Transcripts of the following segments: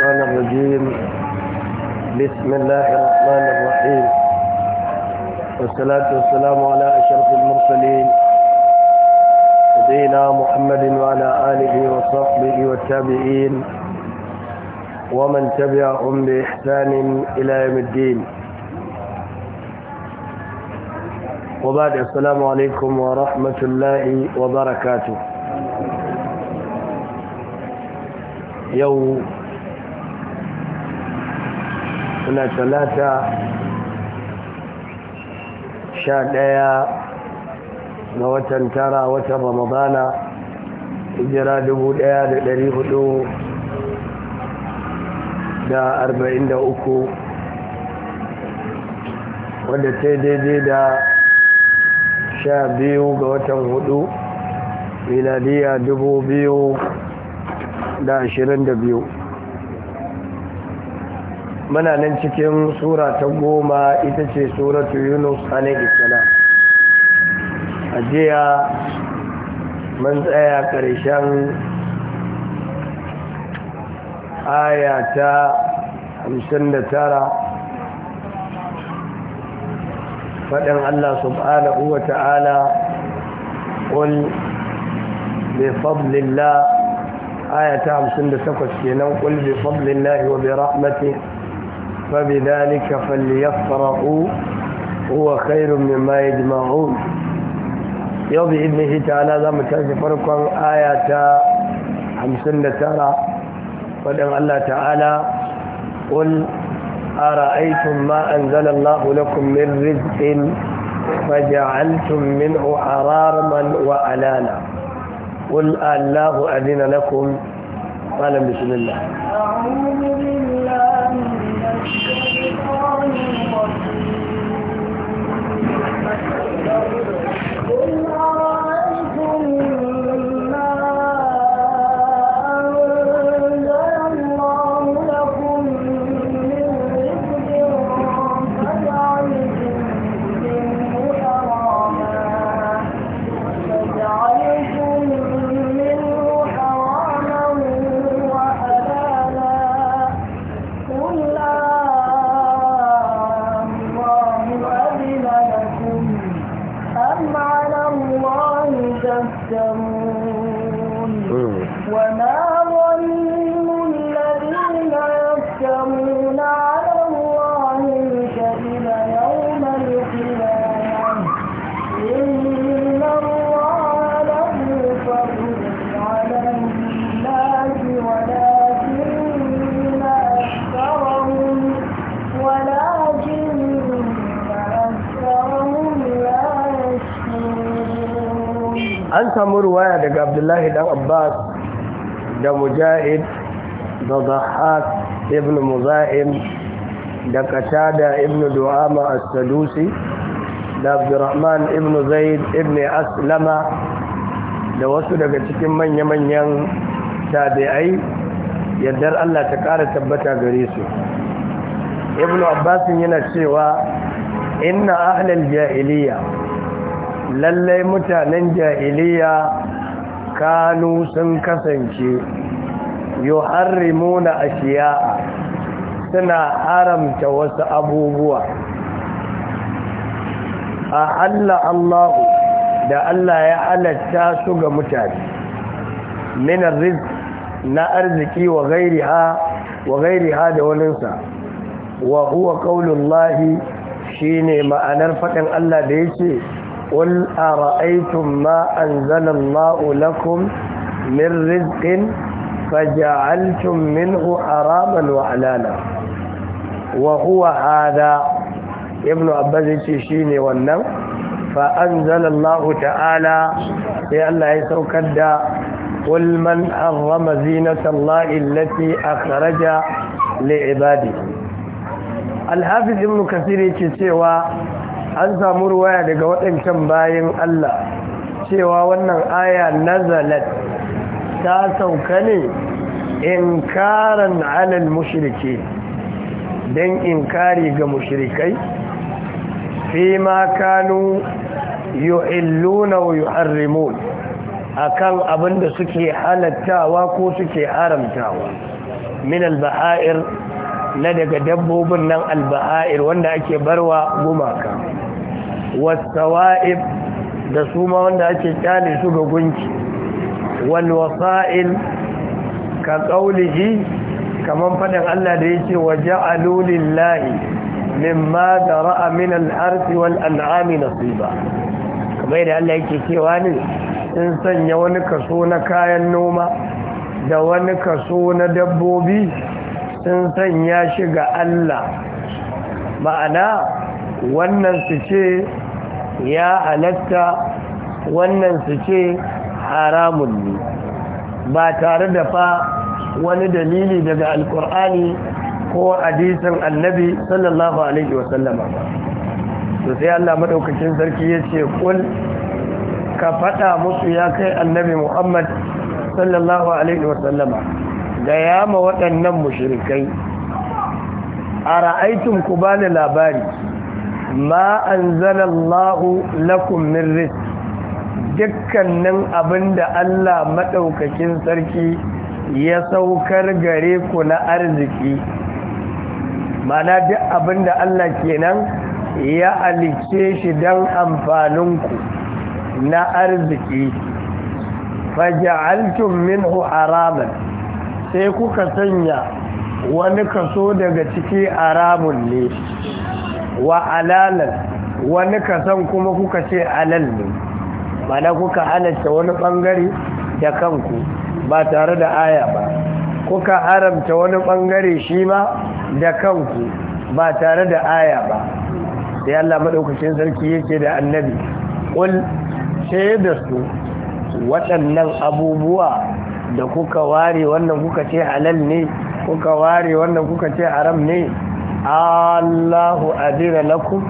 الشيطان الرجيم بسم الله الرحمن الرحيم والصلاة والسلام على أشرف المرسلين سيدنا محمد وعلى آله وصحبه والتابعين ومن تبعهم بإحسان إلى يوم الدين وبعد السلام عليكم ورحمة الله وبركاته يوم muna talata sha ɗaya ga watan tara watan ramadana hijira dubu ɗaya da ɗari hudu da arba'in da uku wadda ta daidai da sha biyu ga watan hudu miladiya dubu biyu da ashirin da biyu muna nan cikin sura ta goma ita ce suratu yunus alaihissalam a jiya mun tsaya ƙarshen aya ta 59 faɗin allah subhanahu wa ta'ala ƙul bi fadlillah aya ta 58 kenan ƙul bi fadlillah wa bi rahmatihi فبذلك فليفرقوا هو خير مما يجمعون يضي إذنه تعالى ذا متعز فرقوا آية سنة ترى ودعو الله تعالى قل أرأيتم ما أنزل الله لكم من رزق فجعلتم منه حرارما وعلالا قل الله أذن لكم قال بسم الله Thank you. abdullahi dan abbas da mujahid da zahas ibn muza'im da katada ibn du'ama as-sadusi da abdurrahman ibn zaid ibn aslama da wasu daga cikin manya-manyan tabi'ai yardar allah ta ƙara tabbata gare su ibn abbas yana cewa inna ahlal jahiliya lallai mutanen jahiliya kanu sun kasance na ashiya'a suna haramta wasu abubuwa a Allah Allahu da Allah ya halatta su ga mutane min na arziki wa gairiha wa da waninsa wa huwa qaulullahi shine ma'anar faɗin Allah da ce. قل أرأيتم ما أنزل الله لكم من رزق فجعلتم منه حراما وحلالا وهو هذا ابن عباس شيني والنم فأنزل الله تعالى في الله يسوكد قل من حرم زينة الله التي أخرج لعباده الحافظ ابن كثير يتسوى an samu ruwaya daga waɗancan bayan Allah cewa wannan aya nazalat ta sauka ne in karan alal mushrike don in inkari ga mushrikai fi ma kanu yu'illuna A kan akan abinda suke halattawa ko suke haramtawa min alba'a'ir na daga dabbobin nan alba'a'ir wanda ake barwa gumaka wasawa'ib da su ma wanda ake kyale su ga gunki wal wasa'il ka qaulihi kaman fadin Allah da yake waje lillahi mimma dara'a min al-ardi wal an'ami nasiba kamar da Allah yake cewa ne in sanya wani kaso na kayan noma da wani kaso na dabbobi sun sanya shi ga Allah ma'ana wannan su ce ya halatta wannan su ce haramun ne ba tare da fa wani dalili daga alkur'ani ko hadisin annabi sallallahu alaihi wasallama to sai Allah madaukakin sarki ya ce kul ka faɗa musu ya kai annabi muhammad sallallahu alaihi wasallama ga yama waɗannan mushirikai. a ra'aitun ku bani labari ma anzalallahu lakum min rizq dukkanin abinda Allah madaukakin sarki ya saukar gare ku na arziki mana duk abinda Allah kenan ya alice shi dan ku na arziki faja'altum minhu haraman sai kuka sanya wani kaso daga ciki haramun ne wa alalan wani kasan kuma kuka ce alal ne mana kuka halatta wani bangare da kanku ba tare da aya ba kuka haramta wani bangare shi ma da kanku ba tare da aya ba da yalla madaukakin sarki yake da annabi qul sai da su waɗannan abubuwa da kuka ware wannan kuka ce halal ne kuka ware wannan kuka ce haram ne Allahu adina lakum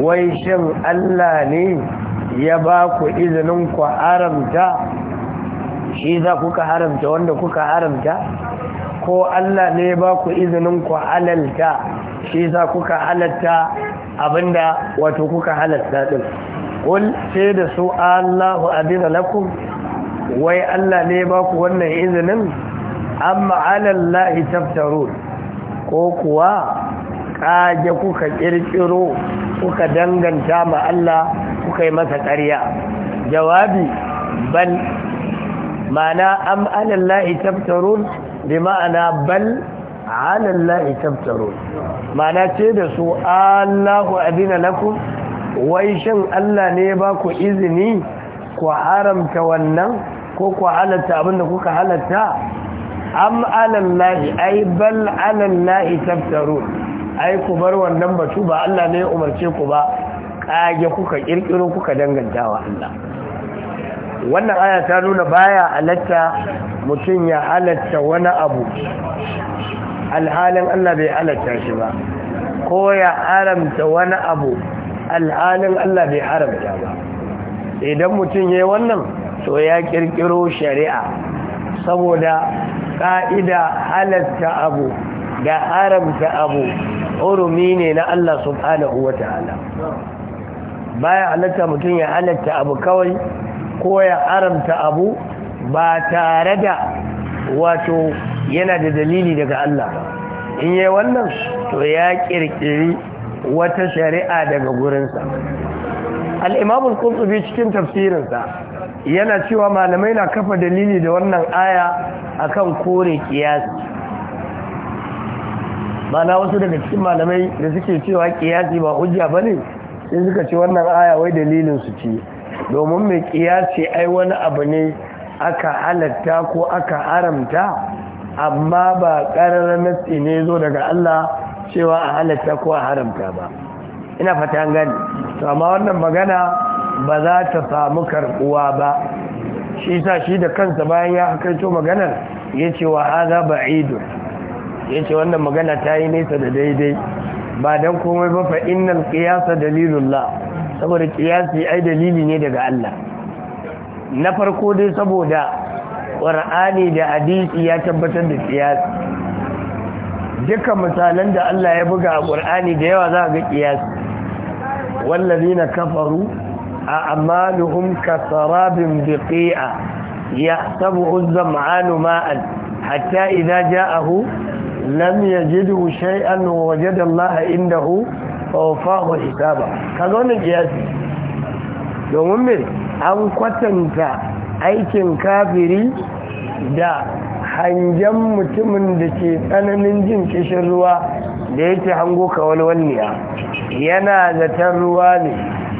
wai shin Allah ne ya ba ku izinin ku haramta shi za kuka haramta wanda kuka haramta ko Allah ne ya ba ku izinin ku halalta shi za kuka halatta abinda wato kuka halatta din qul sai da su Allahu adina lakum wai Allah ne ya ba ku wannan izinin amma alallahi taftarun ko kuwa ƙage kuka ƙirƙiro kuka danganta ma Allah kuka yi masa ƙarya jawabi bal ma'ana am alallahi tabtarun bi ma'ana bal alallahi tabtarun ma'ana ce da su Allahu adina lakum wai shin Allah ne ba ku izini ku haramta wannan ko ku halatta abinda kuka halatta am alallahi ai bal alallahi taftarun ai ku bar wannan batu ba Allah ne ya umarce ku ba kage kuka kirkiro kuka dangantawa Allah wannan aya ta nuna baya alatta mutum ya alatta wani abu alhalin Allah bai alatta shi ba ko ya haramta wani abu alhalin Allah bai haramta ba idan mutum ya yi wannan to ya kirkiro shari'a saboda ƙa'ida halatta abu da haramta abu urumi ne na Allah subhanahu wa ta'ala baya halatta mutum ya halatta abu kawai ko ya haramta abu ba tare da wato yana da dalili daga Allah in yi wannan to ya kirkiri wata shari'a daga gurinsa al'imamun kurtubi cikin tafsirinsa yana cewa malamai na kafa dalili da wannan aya akan kore kiyasi mana wasu daga cikin malamai da suke cewa kiyasi ba hujja bane sai suka ce wannan aya wai dalilin su ce domin mai kiyasi ai wani abu ne aka halatta ko aka haramta amma ba ƙararren nasi ne zo daga Allah cewa a halatta ko a haramta ba ina fata gani to amma wannan magana ba za ta samu karbuwa ba shi sa shi da kansa bayan ya to maganar ya ce wa haza ba'idun ya ce wannan magana ta yi nesa da daidai ba don komai ba fa innal kiyasa dalilullah saboda kiyasi ai dalili ne daga Allah na farko dai saboda qur'ani da hadisi ya tabbatar da kiyasi dukkan misalan da Allah ya buga a qur'ani da yawa za ga qiyasi wallazina kafaru أعمالهم كسراب بقيئة يحسبه الزمعان ماء حتى إذا جاءه لم يجده شيئا ووجد الله عنده فوفاه حسابه كذلك القياس domin mai an kwatanta aikin kafiri da hangen mutumin da ke tsananin jin kishin ruwa da yake hango kawalwanniya yana zaton ne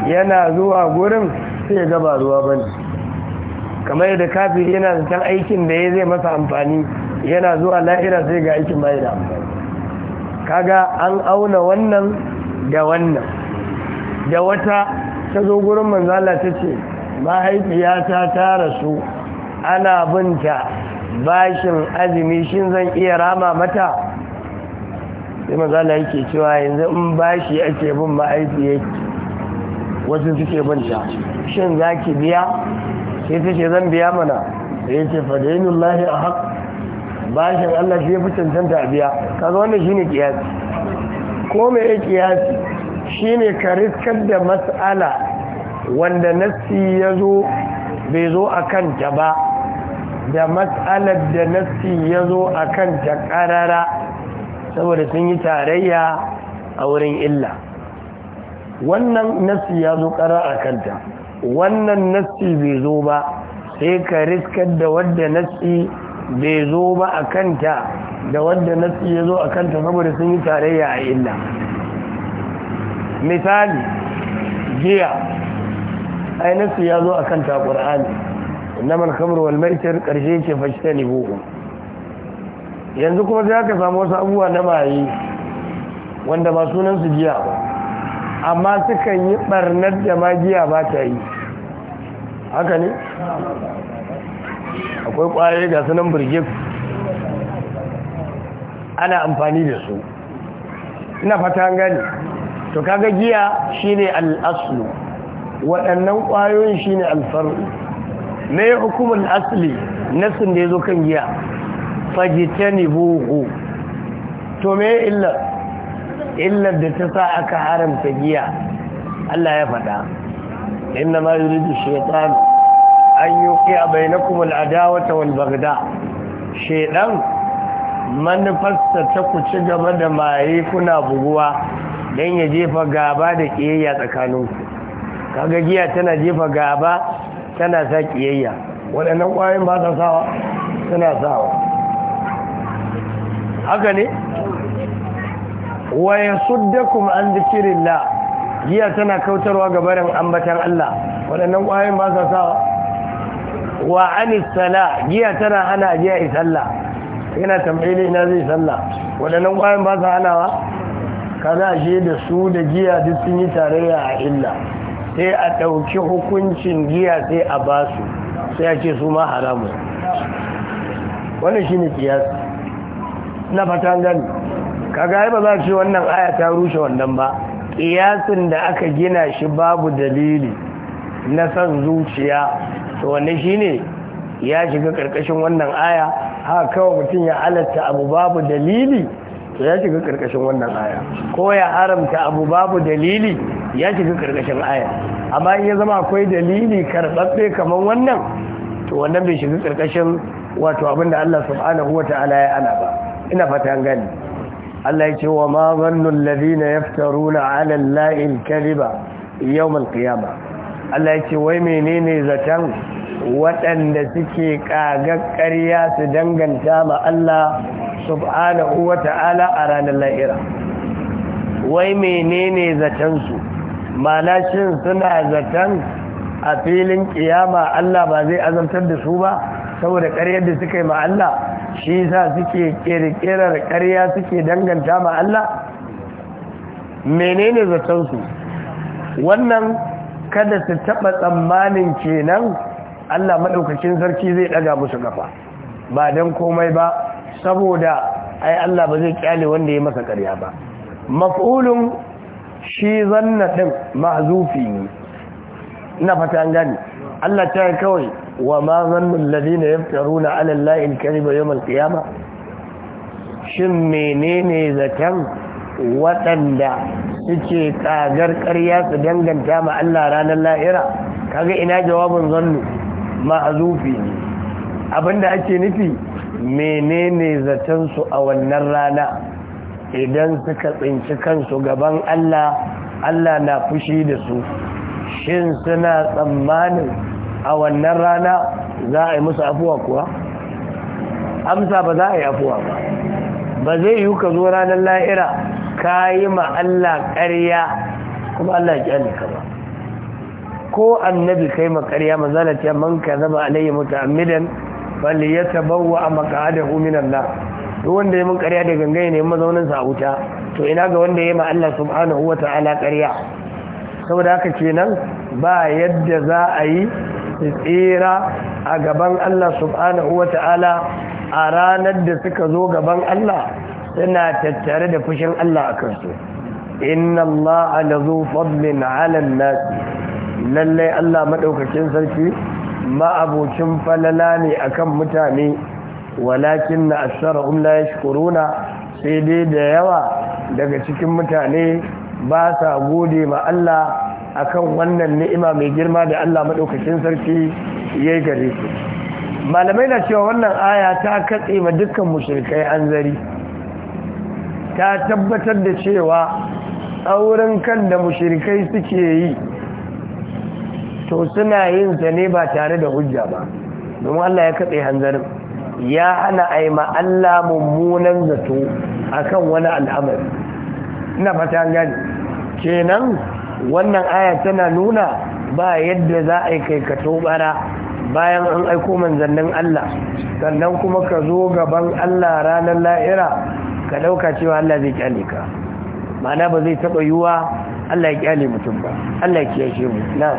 yana zuwa gurin sai ga ba ruwa bane kamar yadda kafin yana zaton aikin da ya zai masa amfani yana zuwa lahira sai ga aikin bai da amfani kaga an auna wannan da wannan da wata ta zo gurin manzala ta ce mahaifiyata ta rasu ana binta bashin azumi shin zan iya rama mata sai manzala yake cewa yanzu in bashi ake bin mahaifiyarki wasu suke banta shin za ki biya sai ta ce zan biya mana ya ce fadainun lahi a haƙ bashin allah shi ya fi cancanta a biya kaga wannan shine kiyasi ko me ya kiyasi shine ka riskar da mas'ala wanda nassi ya zo bai zo a kanta ba da mas'alar da nassi ya zo a kanta ƙarara saboda sun yi tarayya a wurin illa wannan nassi ya zo ƙara a kanta wannan nassi bai zo ba sai ka riskar da wadda nassi bai zo ba a kanta da wadda nassi ya zo a kanta saboda sun yi tarayya a illa misali jiya ai nassi ya zo a kanta a ƙur'ani innamal khamru wal ƙarshe karshe ce fashtani buhu yanzu kuma sai aka samu wasu abubuwa na maye wanda ba sunan su ba amma suka yi barnar da magiya ba ta yi haka ne akwai kwayoyi ga sunan birgit ana amfani da su ina fata gani to kaga giya shine al-aslu waɗannan kwayoyin shine al-far'u me hukumar asli nasin da ya zo kan giya buhu to me illar. illar da ta sa aka haramta giya Allah ya faɗa inna ma yuridu shaytan an yuqi'a bainakum al wal baghda shaytan manufarsa ta ku ci gaba da maye kuna buguwa don ya jefa gaba da kiyayya tsakaninku kaga giya tana jefa gaba tana sa kiyayya waɗannan ƙwayoyin ba sa sawa suna sawa haka ne wa kuma an la giya tana kautarwa ga barin ambatan Allah waɗannan ƙwayoyin ba sa wa anis sala giya tana hana giya sallah yana tambayi ina zai sallah waɗannan ƙwayoyin ba sa hanawa kaza shi da su da giya duk sun yi tarayya a illa sai a ɗauki hukuncin giya sai a ba su sai a ce su ma haramu wannan ne kiyasi na fatan gani kaga ai ba za ce wannan aya ta rushe wannan ba kiyasin da aka gina shi babu dalili na san zuciya to wannan shine ya shiga karkashin wannan aya haka kawai mutum ya halatta abu babu dalili to ya shiga karkashin wannan aya ko ya haramta abu babu dalili ya shiga karkashin aya amma in ya zama akwai dalili karɓaɓɓe kamar wannan to wannan bai shiga karkashin wato abinda Allah subhanahu wa ta'ala ya ana ba ina fata gani Allah ya ce wa ma zannun ladina yaftaruna ala Allahi al-kadhiba yawm al Allah ya ce wai menene zatan waɗanda suke ƙaga ƙarya su danganta ma Allah subhanahu wa ta'ala a ranar la'ira wai menene zatan su mana shin suna zaton a filin ƙiyama Allah ba zai azamtar da su ba saboda ƙaryar da suka yi ma Allah shi yasa suke kirkirar ƙarya suke danganta ma Allah menene zaton su wannan kada su taɓa tsammanin kenan Allah maɗaukacin sarki zai ɗaga musu kafa ba don komai ba saboda ai Allah ba zai kyale wanda ya masa karya ba maf'ulun shi zanna ɗin ne ina fata gani Allah ta yi kawai wa ma zannun ladina ya fitaru na alallahin kariba yau shin menene zaton waɗanda suke tsagar ƙarya su danganta ma Allah ranar la'ira kaga ina jawabin zannu ma'azufi abinda ake nufi menene zaton su a wannan rana idan suka tsinci kansu gaban Allah Allah na fushi da su shin suna tsammanin a wannan rana za a yi musu afuwa kuwa amsa ba za a yi afuwa ba ba zai yi ka zo ranar la'ira ka yi ma Allah ƙarya kuma Allah ya ƙyale ka ba ko annabi ka kai ma ƙarya mazala ce man ka zaba alayhi ya tabawa a maq'adahu huminan na to wanda ya mun ƙarya da gangaye ne mazaunin a wuta to ina ga wanda ya ma Allah subhanahu ala ƙarya saboda haka kenan ba yadda za a yi su tsira a gaban Allah subhanahu wa ta'ala a ranar da suka zo gaban Allah suna tattare da fushin Allah a kansu inna Allah ala fadlin ala nasi lallai Allah madaukakin sarki ma'abocin falala ne akan mutane walakin na asharahum la yashkuruna sai dai da yawa daga cikin mutane ba sa gode ma Allah akan wannan ni'ima mai girma da Allah madaukakin sarki ya yi gare su malamai na cewa wannan aya ta katse ma dukkan mushrikai anzari ta tabbatar da cewa auren kan da mushrikai suke yi to suna yin sa ne ba tare da hujja ba domin Allah ya katse hanzarin ya hana yi Allah mummunan zato akan wani al'amari ina fata gani kenan wannan aya tana nuna ba yadda za a yi kai ka tobara bayan an aiko manzannin Allah sannan kuma ka zo gaban Allah ranar la'ira ka dauka cewa Allah zai kyale ka ma'ana ba zai taba yiwa Allah ya kyale mutum ba Allah ya kiyashe mu na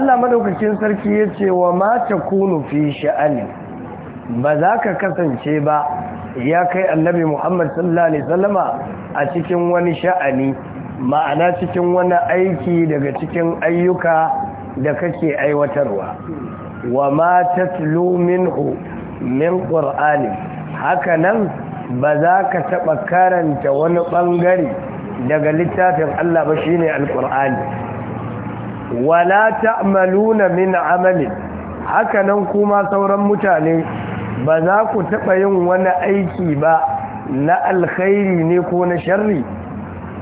Allah madaukakin sarki ya ce wa mata kunu fi sha'ani ba za ka kasance ba ya kai annabi Muhammad sallallahu alaihi wasallama a cikin wani sha'ani ma'ana cikin wani aiki daga cikin ayyuka da kake aiwatarwa wa mata tulu minhu min qur'ani haka nan ba za ka taɓa karanta wani ɓangare daga littafin Allah ba shine alƙur'ani wala ta'maluna min amalin hakanan kuma sauran mutane ba za ku taɓa yin wani aiki ba na alkhairi ne ko na sharri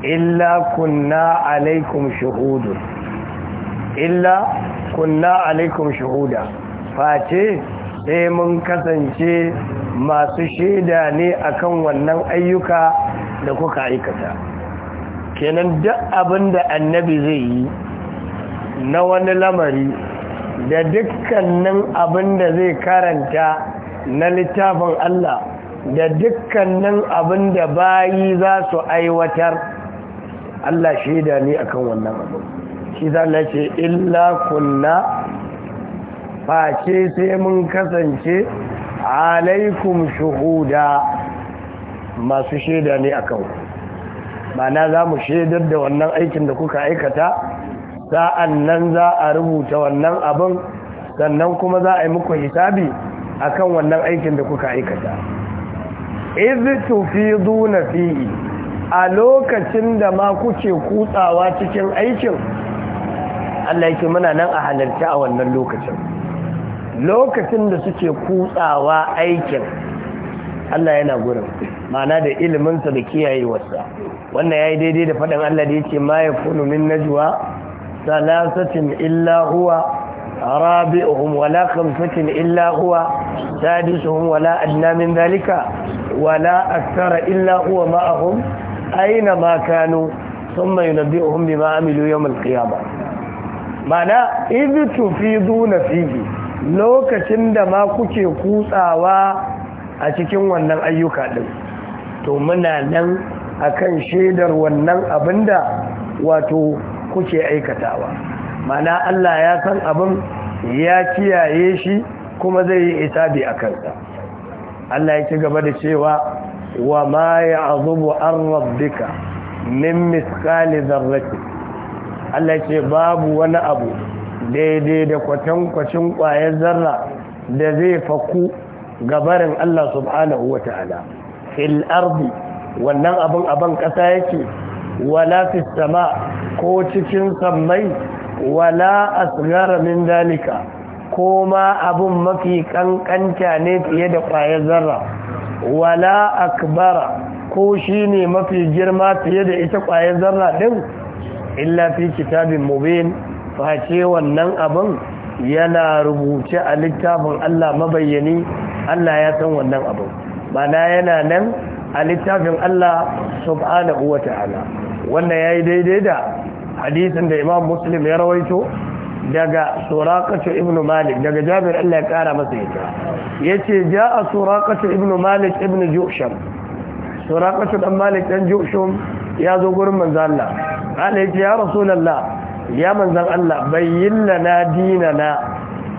illa kunna alaikum shuhudu illa kunna alaikum shuhuda face sai mun kasance masu shaida ne akan wannan ayyuka da kuka aikata kenan duk abin da annabi zai yi na wani lamari da dukkanin abin da zai karanta na littafin Allah da dukkanin abin da bayi za su aiwatar Allah shaida ne akan wannan abu shi na ce illa kunna face sai mun kasance alaikum shuhuda masu shaida ne akan ku mana za mu shaidar da wannan aikin da kuka aikata sa'an nan za a rubuta wannan abin sannan kuma za a yi muku hisabi a kan wannan aikin da kuka aikata iz tufiduna fi'i a lokacin da ma kuke kutsawa cikin aikin Allah yake muna nan a halarci a wannan lokacin lokacin da suke kutsawa aikin Allah yana gurin ma'ana da iliminsa da kiyayewarsa wannan ya yi daidai da faɗin Allah da yake ma ya kunu min najwa ثلاثة إلا هو رابعهم ولا خمسة إلا هو سادسهم ولا أدنى من ذلك ولا أكثر إلا هو معهم أينما كانوا ثم ينبئهم بما عملوا يوم القيامة معنى إذ تفيضون فيه lokacin da ma kuke kutsawa a cikin wannan ayyuka ɗin to muna nan akan shaidar wannan abinda wato kuke aikatawa mana Allah ya san abin ya kiyaye shi kuma zai yi itabi a kansa Allah ya ci gaba da cewa wa ma ya'zubu an rabbika min misqali dharrati Allah ya ce babu wani abu daidai da kwatankwacin kwayar zarra da zai faku gabarin Allah subhanahu wa fil ardi wannan abin aban kasa yake wala fis sama ko cikin sammai wala asgara min dalika ko ma abun mafi kankanta ne fiye da kwayar zarra wala akbara ko shi ne mafi girma fiye da ita kwayar zarra din illa fi kitabin mubin face wannan abun yana rubuce a littafin Allah mabayyani Allah ya san wannan abun mana yana nan a littafin Allah subhanahu wata'ala wannan yayi daidai da hadisin da imam muslim ya rawaito daga surakatu ibn malik daga jabir allah ya kara masa yadda ya ce ja a surakatu ibn malik ibn jusham surakatu dan malik dan jusham ya zo gurin manzan allah ala ya ce ya rasulallah ya manzan allah bayyin lana dinana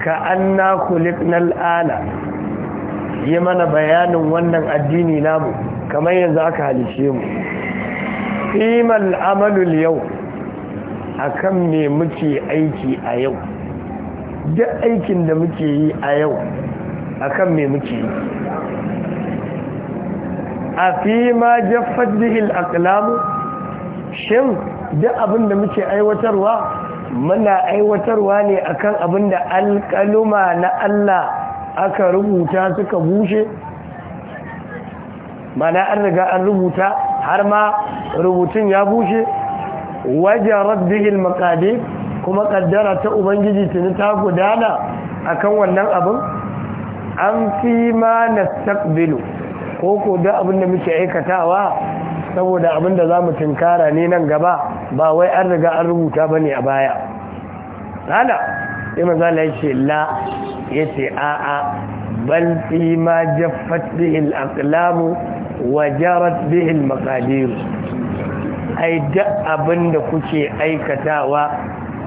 ka anna kulikna al'ana yi mana bayanin wannan addini namu kamar yanzu aka halishe mu fimal amalul yau akan me muke aiki a yau duk aikin da muke yi a yau akan me muke yi a fi ma jaffat bihil aqlamu shin duk abin da muke aiwatarwa muna aiwatarwa ne akan abin da alƙaluma na Allah aka rubuta suka bushe mana an riga an rubuta har ma rubutun ya bushe wajarat bihi maqadir kuma kaddara ta ubangiji tuni ta gudana akan wannan abin an fi ma nastaqbilu ko ko da abin da muke aikatawa saboda abin da zamu tinkara ne nan gaba ba wai an riga an rubuta bane a baya hala sai manzo Allah ce la yace a a bal fi ma jaffat bihi al-aqlamu wa jarat bihi al-maqadir ai duk abin da kuke aikatawa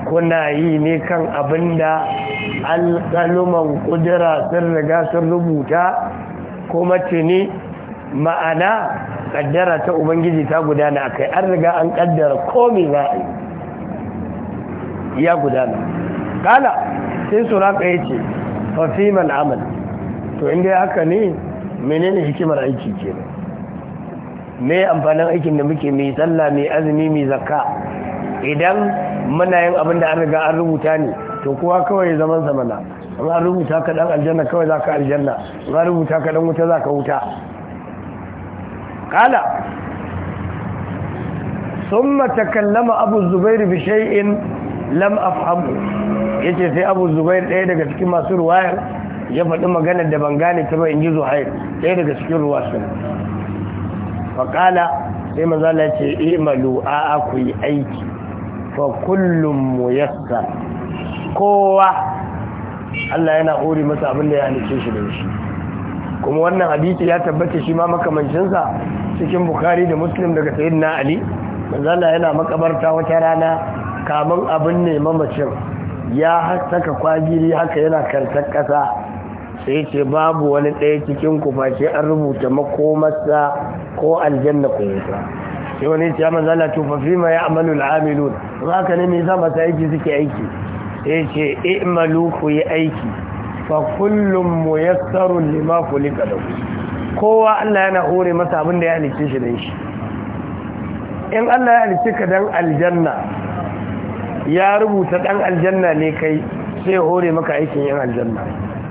kuna yi ne kan abin da alƙaluman ƙudura sun riga sun rubuta kuma tuni ma'ana ƙaddara ta ubangiji ta gudana a kai an riga an ƙaddara komi za a yi ya gudana Kala, sai suraka ya ce fafiman amal to inda haka ne menene hikimar aiki kenan me amfanin aikin da muke mai sallah mai azumi mai zakka idan muna yin abin da an riga an rubuta ne to kowa kawai zaman zamana mana an rubuta ka dan aljanna kawai zaka aljanna an rubuta ka dan wuta zaka wuta kala takallama abu zubair bi shay'in lam afhamu yace sai Abu Zubair ɗaya daga cikin masu ruwayar ya faɗi maganar da ban gane ta ba in ji Zuhair ɗaya daga cikin sun. faƙala sai mazala ce imalu a aku yi aiki fa kullum mu yasta kowa Allah yana hori masa abin da ya halice shi da shi kuma wannan hadisi ya tabbata shi ma makamancinsa cikin bukari da muslim daga na ali manzala yana makabarta wata rana kamun abin ne mamacin ya saka kwagiri haka yana kartar ƙasa sai ce babu wani ɗaya cikin ku an rubuta makomarsa ko aljanna ku yi ta sai wani ya manzo Allah to fa fima ya'malu al'amilun ba ka ne me mu masu aiki suke aiki sai ce i'malu ku yi aiki fa kullum muyassarun lima kulika lahu kowa Allah yana hore masa abin da ya halicce shi dan shi in Allah ya halicce ka dan aljanna ya rubuta dan aljanna ne kai sai hore maka aikin yan aljanna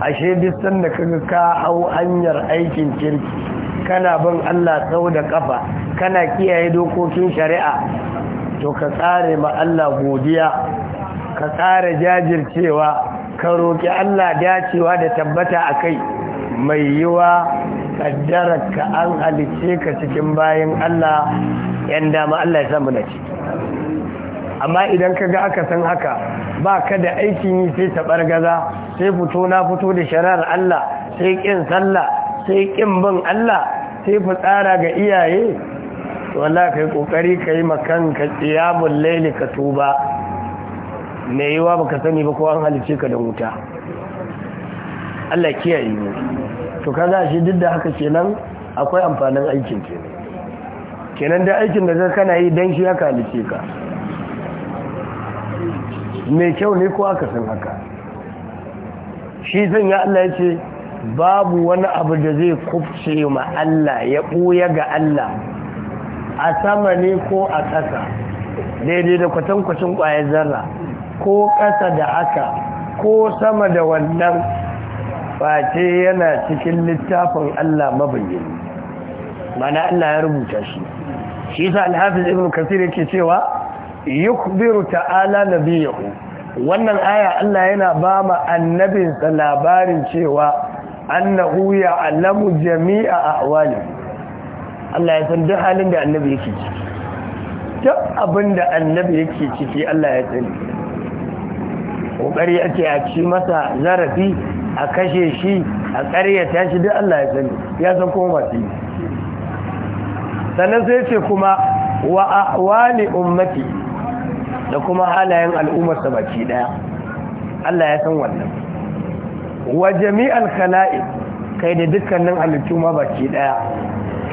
ashe duk sanda kaga ka hau hanyar aikin kirki kana bin Allah sau da ƙafa, kana kiyaye dokokin shari'a to ka tsare ma Allah godiya ka tsare jajircewa ka roƙi Allah dacewa da tabbata a kai mai yiwa ka an halice ka cikin bayan Allah yan dama Allah ya samu na ci amma idan ka ga aka san haka ba ka da aikin yi sai taɓar gaza sai fito na fito da shari'ar Allah sai ƙin sallah sai ƙin bin Allah sai fitsara ga iyaye Wala kai kokari kai makan ka qiyamul laili ka tuba me yiwa baka sani ba ko an halice ka da wuta Allah kiyaye mu to kaga shi duk da haka kenan akwai amfanin aikin kenan kenan da aikin da zaka na yi dan shi haka halice ka mai kyau ne ko aka san haka shi zan ya Allah ya ce babu wani abu da zai kufce ma Allah ya ɓuya ga Allah a sama ne ko a ƙasa daidai da kwatankwacin ƙwayar zarra ko ƙasa da aka ko sama da wannan face yana cikin littafin Allah mabayyani mana Allah ya rubuta shi shi sa alhafiz ibn kasir yake cewa yukbiru ta'ala nabiyahu wannan aya Allah yana ba ma annabinsa labarin cewa annahu ya'lamu jami'a ahwali Allah ya san duk halin da annabi yake ciki duk abin da annabi yake ciki Allah ya sani kokari ake a ci masa zarafi a kashe shi a ƙaryata shi duk Allah ya sani ya san kuma masu yi sannan sai ce kuma wa ahwali ummati da kuma halayen al'ummar sa baki daya Allah ya san wannan wa jami'an kana'i kai da dukkanin halittu ma baki daya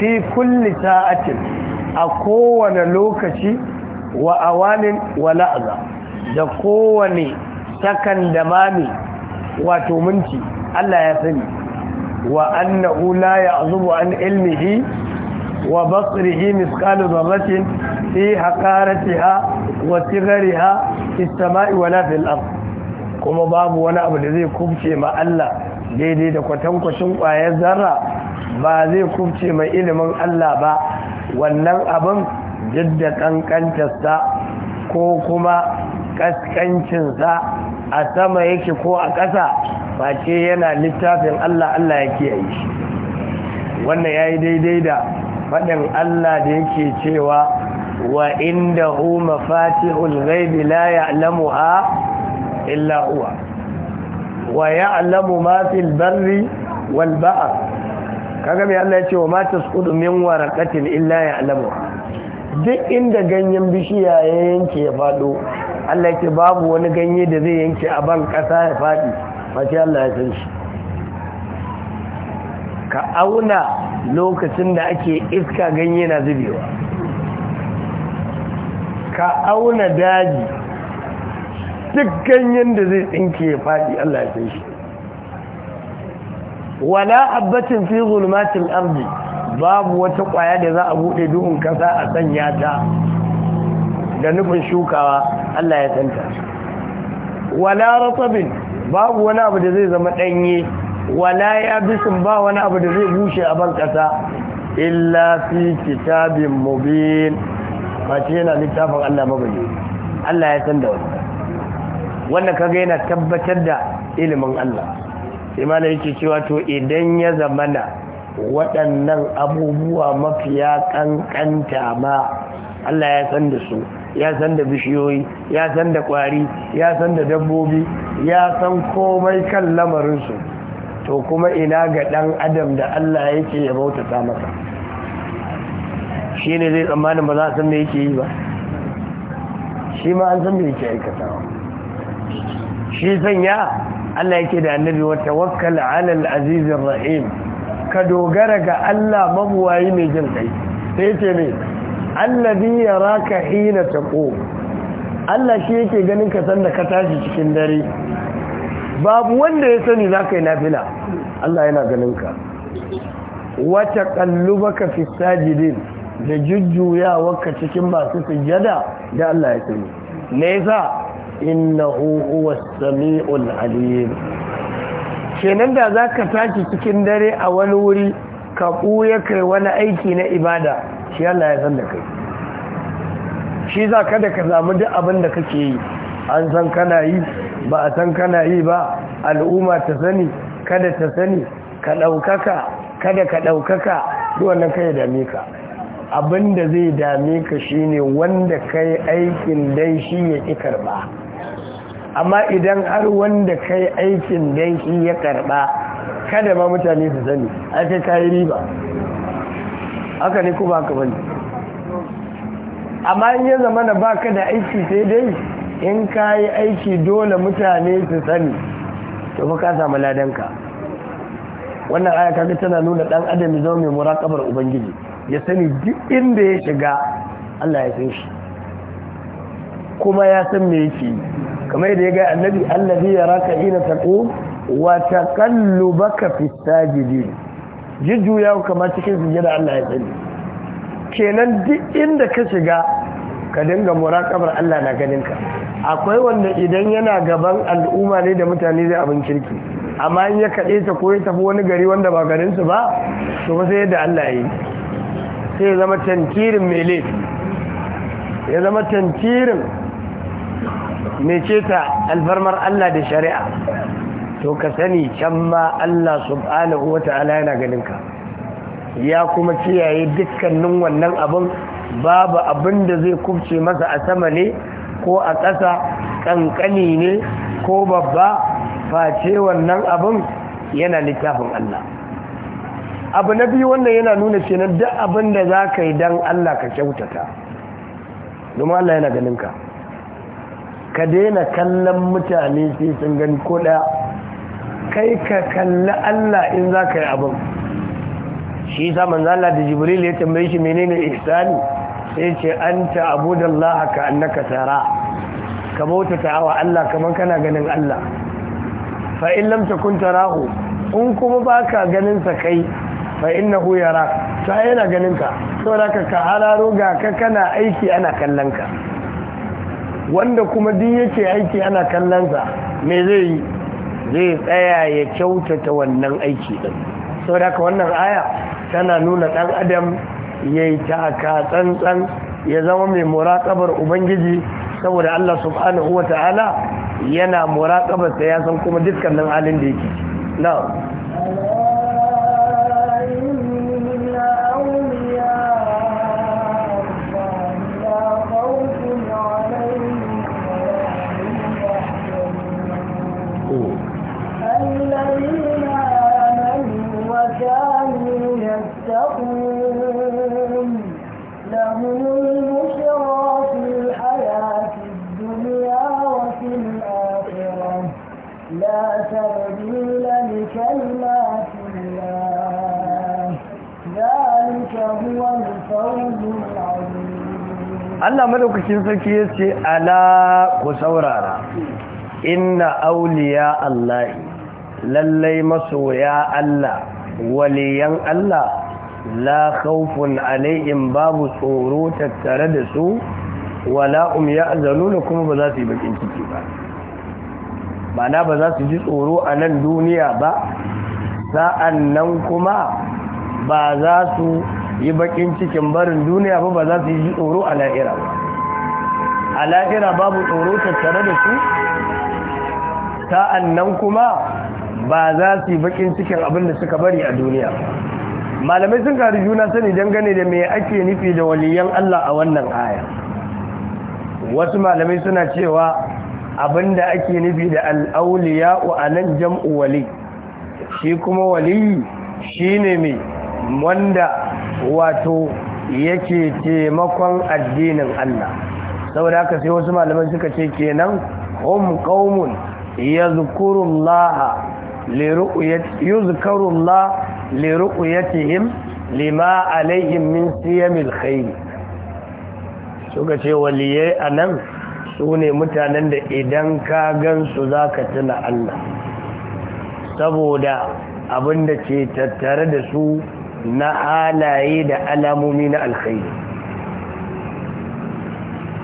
fi kulli sa'atin a kowane lokaci wa awanin wa da kowane sakan da mami wato minti Allah ya sani wa annahu la ya'zubu an ilmihi wa basrihi mithqalu dharratin fi haqaratiha wa sighariha fis sama'i wa la fil ardh kuma babu wani abu da zai kubce ma Allah daidai da kwatankwacin ƙwayar zarra ba zai kubce ma ilimin Allah ba wannan abin jidda sa ko kuma ƙasƙancinsa a sama yake ko a ƙasa face yana littafin Allah Allah ya kiyaye shi wannan ya yi daidai da faɗin Allah da yake cewa wa inda hu mafatihul ghaibi la ya'lamuha إلا هو ويعلم ما في البر والبحر kaga mai Allah ya ce wa ma tasqudu min waraqatin illa ya'lamu duk inda ganyen bishiya ya yanke ya fado Allah ya babu wani ganye da zai yanke a ban kasa ya fadi mace Allah ya san shi ka auna lokacin da ake iska ganye na zubewa ka auna daji duk ganyen da zai tsinke ya faɗi Allah ya san shi wala abbatin fi zulmatin ardi babu wata kwaya da za a bude duhun kasa a sanya ta da nufin shukawa Allah ya santa wala ratabin babu wani abu da zai zama ɗanye wala ya yabisin ba wani abu da zai bushe a ban kasa illa fi kitabin mubin ba ce yana littafin Allah mabayi Allah ya san da wani wannan kaga yana tabbatar da ilimin Allah imana yake cewa to idan ya zamana waɗannan abubuwa mafiya ƙanƙanta ma Allah ya san da su ya san da bishiyoyi ya san da ƙwari ya san da dabbobi ya san komai kan lamarinsu to kuma ina ga ɗan adam da Allah yake ya bautata masa shi ne zai tsammanin ba za a san da yake yi ba shi ma an san da yake aikatawa shi sanya Allah yake da annabi wa tawakkal ala al-aziz rahim ka dogara ga Allah mabuwayi mai jin kai sai ce ne allazi yaraka hina taqo Allah shi yake ganin ka sanda ka tashi cikin dare babu wanda ya sani zaka yi nafila Allah yana ganin ka wa taqallubaka fi sajidin da jujjuyawarka cikin masu sujjada da Allah ya sani ne yasa innahu huwa sami'ul alim kenan da zaka tashi cikin dare a wani wuri ka buya kai wani aiki na ibada shi Allah ya san da kai shi za ka da ka samu duk abin da kake yi an san kana yi ba a san kana yi ba al'umma ta sani kada ta sani ka ɗaukaka kada ka ɗaukaka wannan kai dame ka abinda zai dame ka shine wanda kai aikin dai shi ya ƙi karɓa amma idan har wanda kai aikin danki ya karba kada ma mutane su sani aka kai riba haka ne kuma haka bane amma in ya zama na baka da aiki sai dai in kayi aiki dole mutane su sani to fa ka samu ladanka wannan aya kaga tana nuna dan adam ya zama mai murakabar ubangiji ya sani duk inda ya shiga Allah ya san shi kuma ya san me yake yi kamar da ya ga annabi allazi yaraka hina taqu wa taqallubaka fi sajidin ya kamar cikin sujjada Allah ya tsani kenan duk inda ka shiga ka dinga muraqabar Allah na ganin ka akwai wanda idan yana gaban al'umma ne da mutane zai abin kirki amma in ya kaɗe ta ko ya tafi wani gari wanda ba su ba to ba sai yadda Allah yi sai ya zama tantirin mai laifi ya zama tantirin mece ta alfarmar Allah da shari'a to ka sani can ma Allah subhanahu wa ta'ala yana ganinka ya kuma kiyaye dukkanin wannan abin babu abin da zai kubce masa a sama ne ko a ƙasa ƙanƙani ne ko babba face wannan abin yana littafin Allah abu na biyu wannan yana nuna kenan duk abin da za ka yi don Allah ka kyautata domin Allah yana ganinka ka daina kallon mutane sai sun gani ko ɗaya kai ka kalli Allah in za ka yi abin shi sa manzala da jibril ya tambaye shi menene ihsani sai ce an ta abu da Allah ka annaka tara ka bauta ta'awa Allah kamar kana ganin Allah fa in lam takun tarahu in kuma baka ganin sa kai fa innahu yara ta yana ganin ka saboda ka ka hararo ga ka kana aiki ana kallon ka wanda kuma duk yake aiki ana kallonsa me zai yi zai tsaya ya kyautata wannan aiki din saboda ka wannan aya tana nuna dan adam yayi taka tsantsan ya zama mai muraqabar ubangiji saboda Allah subhanahu wataala yana muraƙabar ya san kuma dukkanin halin da yake na'am Allah madaukakin sarki ya ce ala ku saurara inna auliya Allah lallai masoya Allah waliyan Allah la khawfun alaihim babu tsoro tattare da su wala um ya'zaluna kuma ba za su yi bakin ciki ba mana ba za su ji tsoro a nan duniya ba sa'an nan kuma ba za su yi bakin cikin barin duniya ba ba za su yi tsoro a la'ira a la'ira babu tsoro tattare da su sa'an nan kuma ba za su yi bakin cikin abin da suka bari a duniya malamai sun kari juna sani dangane da mai ake nufi da waliyan Allah a wannan aya wasu malamai suna cewa abin da ake nufi da al'auliya a nan jam'u wali shi kuma wali shi ne mai wanda wato yake taimakon addinin Allah saboda haka sai wasu malaman suka ce kenan hum qaumun yadhkurullaha yuzkarullah li ru'yatihim lima alaihim min siyamil khair suka ce waliyai anan su ne mutanen da idan ka gansu zaka tuna Allah saboda abinda ke tattare da su na halaye da alamomi na alkhairi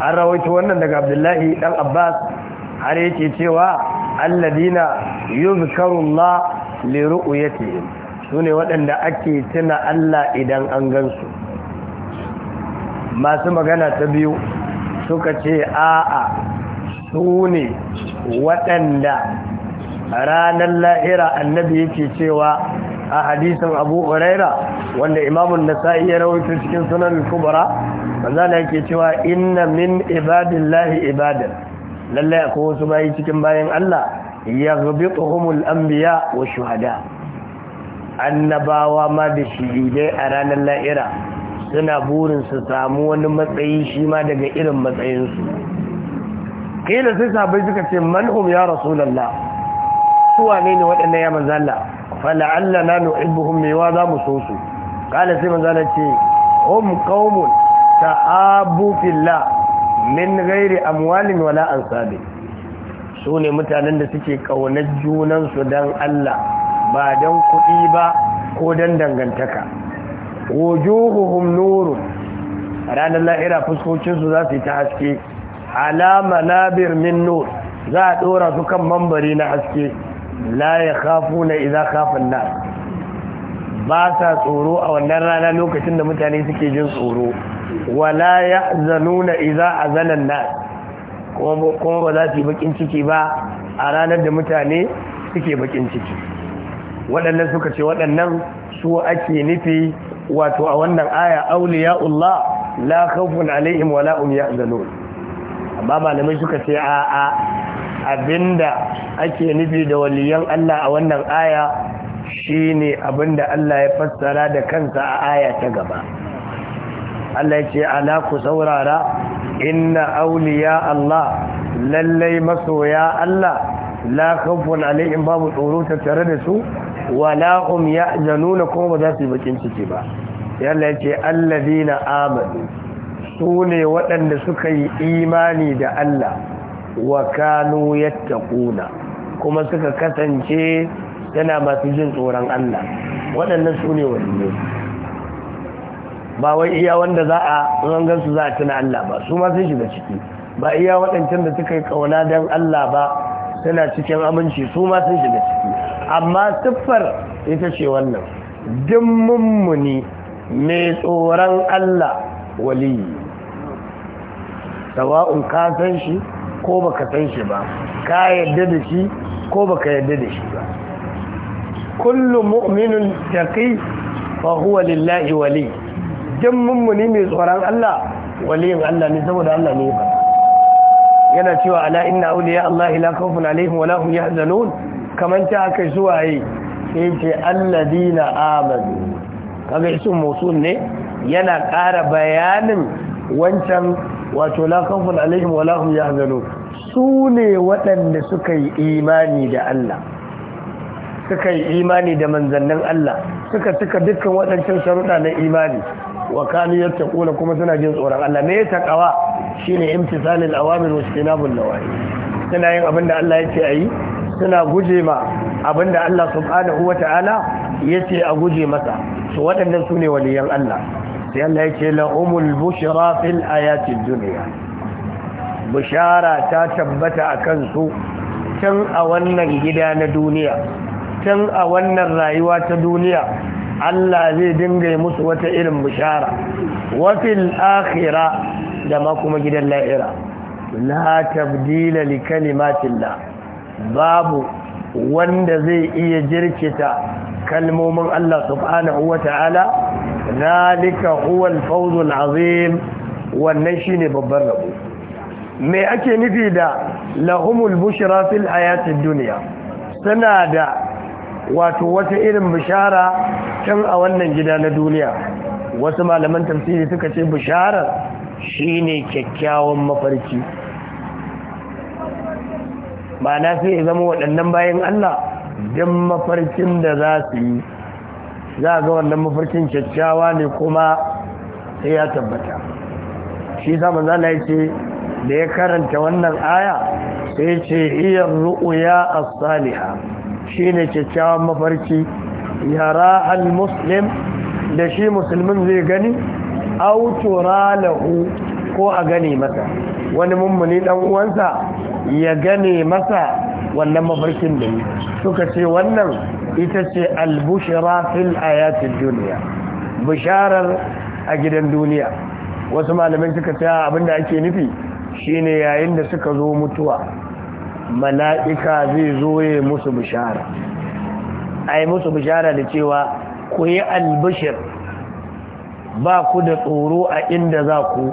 an rawaito wannan daga abdullahi dan abbas har yake cewa alladina yuzkarullah li ru'yatihim sune waɗanda ake tuna Allah idan an gansu masu magana ta biyu suka ce a'a sune waɗanda ranar lahira annabi yake cewa a hadisin abu huraira wanda imamun nasa'i ya rawaito cikin sunan kubra manzala yake cewa inna min ibadillahi ibadan lallai akwai wasu bayi cikin bayan Allah ya rubi tuhumul anbiya wa shuhada annabawa ma da shididai a ranar la'ira suna burin su samu wani matsayi shi ma daga irin matsayinsu kila sai sabai suka ce manhum ya rasulallah suwa ne ne waɗannan ya fala'allana nuhibbuhum me za zamu so su kala sai manzo ce hum qaumun ta'abu fillah min gairi amwalin wala ansabi su ne mutanen da suke ƙaunar junansu don dan Allah ba dan kuɗi ba ko dan dangantaka wujuhuhum nurun ranar lahira fuskocinsu za su yi ta haske Alama manabir min nur za a ɗora su kan mambari na haske la ya kafu na iza kafin nan ba sa tsoro a wannan rana lokacin da mutane suke jin tsoro wala ya na iza a zanen nan kuma ba za su yi bakin ciki ba a ranar da mutane suke bakin ciki waɗannan suka ce waɗannan su ake nufi wato a wannan aya auliya'ullah la khawfun alaihim wala ya yahzanun amma malamai suka ce a'a abinda ake nufi da waliyan Allah a wannan aya shine abinda Allah ya fassara da kansa a aya ta gaba Allah ya ce ala ku saurara inna auliya Allah lallai masoya Allah la khawfun alaihim babu tsoro tare da su wala hum ya'zanuna kuma ba za su yi bakin ciki ba yalla yace alladina amanu ne waɗanda suka yi imani da Allah wa kanu yattaquna kuma suka kasance yana masu jin tsoron Allah waɗannan su ne waliyyai ba wai iya wanda za a rangar su za a tuna Allah ba su ma sun shiga ciki ba iya waɗancan da suka yi ƙauna don Allah ba suna cikin aminci su ma sun shiga ciki amma siffar ita ce wannan duk mummuni mai tsoron Allah waliyi sawa'un ka san shi ko ba ka san shi ba ka yadda da shi ko ba ka yadda da shi ba kullu mu'minun taqi fa huwa lillahi wali dan mummuni mai tsoron Allah waliyin Allah ne saboda Allah ne ba yana cewa ala inna awliya Allah la khawfun alaihim wa la yahzanun kaman ta aka zuwa yi sai ce alladina amanu kaga isin musul ne yana ƙara bayanin wancan wato la khawfun alaihim wa la su ne waɗanda suka yi imani da Allah suka yi imani da manzannin Allah suka cika dukkan waɗancan sharuɗa na imani wa kanu yattaquna kuma suna jin tsoron Allah me ya ne shine imtisalil awamir wa istinabul nawahi suna yin abin da Allah yake yi? suna guje ma abin da Allah subhanahu wata'ala yace a guje masa to waɗannan su waliyan Allah sai Allah ya la la'umul bushra fil ayatid dunya bushara ta tabbata akan su tun a wannan gida na duniya tun a wannan rayuwa ta duniya Allah zai dinga musu wata irin bushara wa fil akhira da ma kuma gidan lahira. la tabdila li kalimatillah babu wanda zai iya jirkita kalmomin Allah subhanahu wa ta'ala zalika huwa fawzul azim wannan ne babban rabo me ake nufi da lahumul bushra fil Duniya? dunya suna da wato wata irin bishara can a wannan gida na duniya wasu malaman tafsiri suka ce bisharar shine kyakkyawan mafarki na sai ya zama waɗannan bayan Allah duk mafarkin da za su yi za ga wannan mafarkin kyakkyawa ne kuma sai ya tabbata shi sa zana ya ce da ya karanta wannan aya sai ce iya ru'uya as-saliha shine kyakkyawan mafarki yara al-muslim da shi musulmin zai gani aw lahu ko a gani masa wani mummuni dan uwansa ya gane masa wannan mafarkin da yi suka ce wannan ita ce albushira fil ayatin duniya bisharar a gidan duniya wasu malamai suka ce abinda ake nufi shine yayin da suka zo mutuwa mala'ika zai zo ya musu bishara a musu bishara da cewa ku yi albushir ba ku da tsoro a inda za ku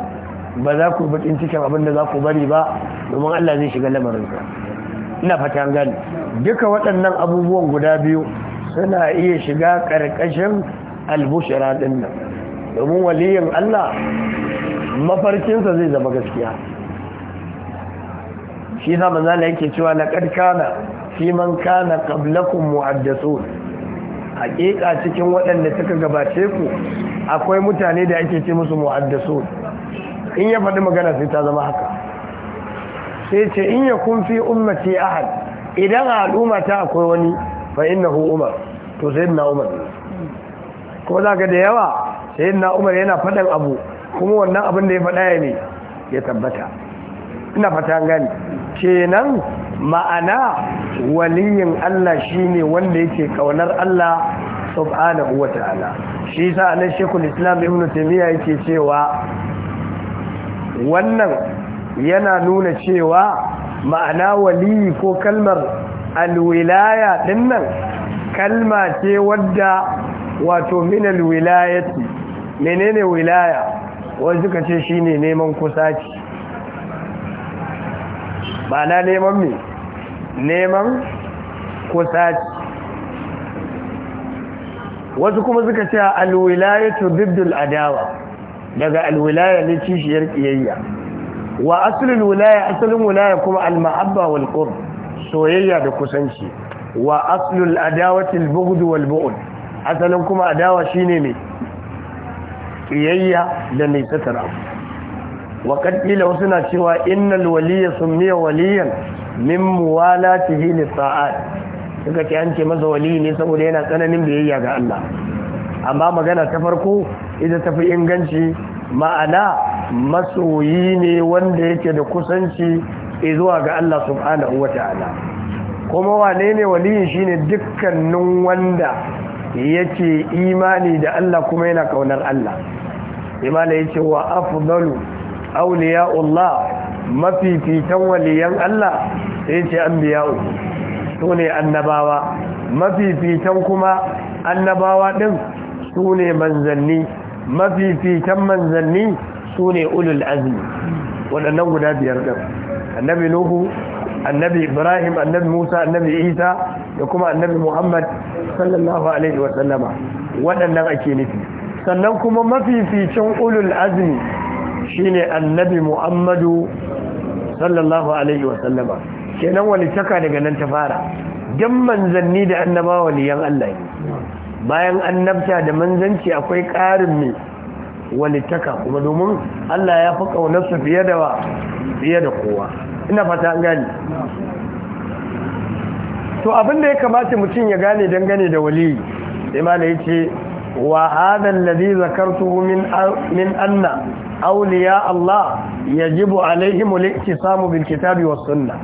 ba za ku bakin cikin abin da za ku bari ba domin Allah zai shiga lamarinsa ina fatan gani duka waɗannan abubuwan guda biyu suna iya shiga ƙarƙashin albushira ɗin nan domin waliyin Allah mafarkinsa zai zama gaskiya shi sa manzana yake cewa na ƙarƙana fi man kana qablakum mu'addasun haƙiƙa cikin waɗanda suka gabace ku akwai mutane da ake ce musu mu'addasun in ya faɗi magana sai ta zama haka sai ce in ya kun fi ummati ahad idan a al'umma ta akwai wani fa hu umar to na umar Ko za zaka da yawa na umar yana fadan abu kuma wannan abin da ya fada ya ne ya tabbata ina fata gani kenan ma'ana waliyin Allah shine wanda yake kaunar Allah subhanahu wa ta'ala shi sa nan shekul islam ibn taymiya yake cewa wannan yana nuna cewa ma'ana wali ko kalmar alwilaya dinnan kalma ce wadda wato min alwilayati menene wilaya wanda suka ce shine neman kusaci ma'ana neman me neman kusaci wasu kuma suka ce alwilayatu bibdul adawa daga alwilaya ne kishiyar kiyayya wa asalin wulaya asalin wulaya kuma al-mahabba wal qurb soyayya da kusanci wa aslul adawati al-bughd wal bu'd asalin kuma adawa shine ne kiyayya da nisatara wa kad wasu na cewa innal waliya sumiya waliyan min muwalatihi li sa'at suka ce ce masa waliyi ne saboda yana tsananin biyayya ga Allah amma magana ta farko ita tafi inganci ma'ana masoyi ne wanda yake da kusanci zuwa ga Allah subhanahu wata'ala kuma wane ne waliyin shine dukkanin wanda yake imani da Allah kuma yana kaunar Allah imana ce wa afdalu Allah mafifitan waliyan Allah yace anbiya'u sune annabawa mafifitan kuma annabawa din sune manzanni mafifitan manzanni su ne ulul azmi waɗannan guda biyar ɗin annabi nuhu annabi ibrahim annabi musa annabi isa da kuma annabi muhammad sallallahu alaihi wa sallama waɗannan ake nufi sannan kuma mafificin ulul azmi shine annabi muhammadu sallallahu alaihi wa sallama. kenan wani taka daga nan ta fara dan manzanni da annabawa liyan allah ne bayan annabta da manzanci akwai ƙarin mai taka kuma domin Allah ya fi ƙaunarsa fiye da wa fiye da kowa ina fata an gani to abin da ya kamata mutum ya gane dangane da wali imana ya ce wa hadan ladhi zakartuhu min min anna awliya Allah yajibu alaihim al-iktisamu bil kitabi was sunnah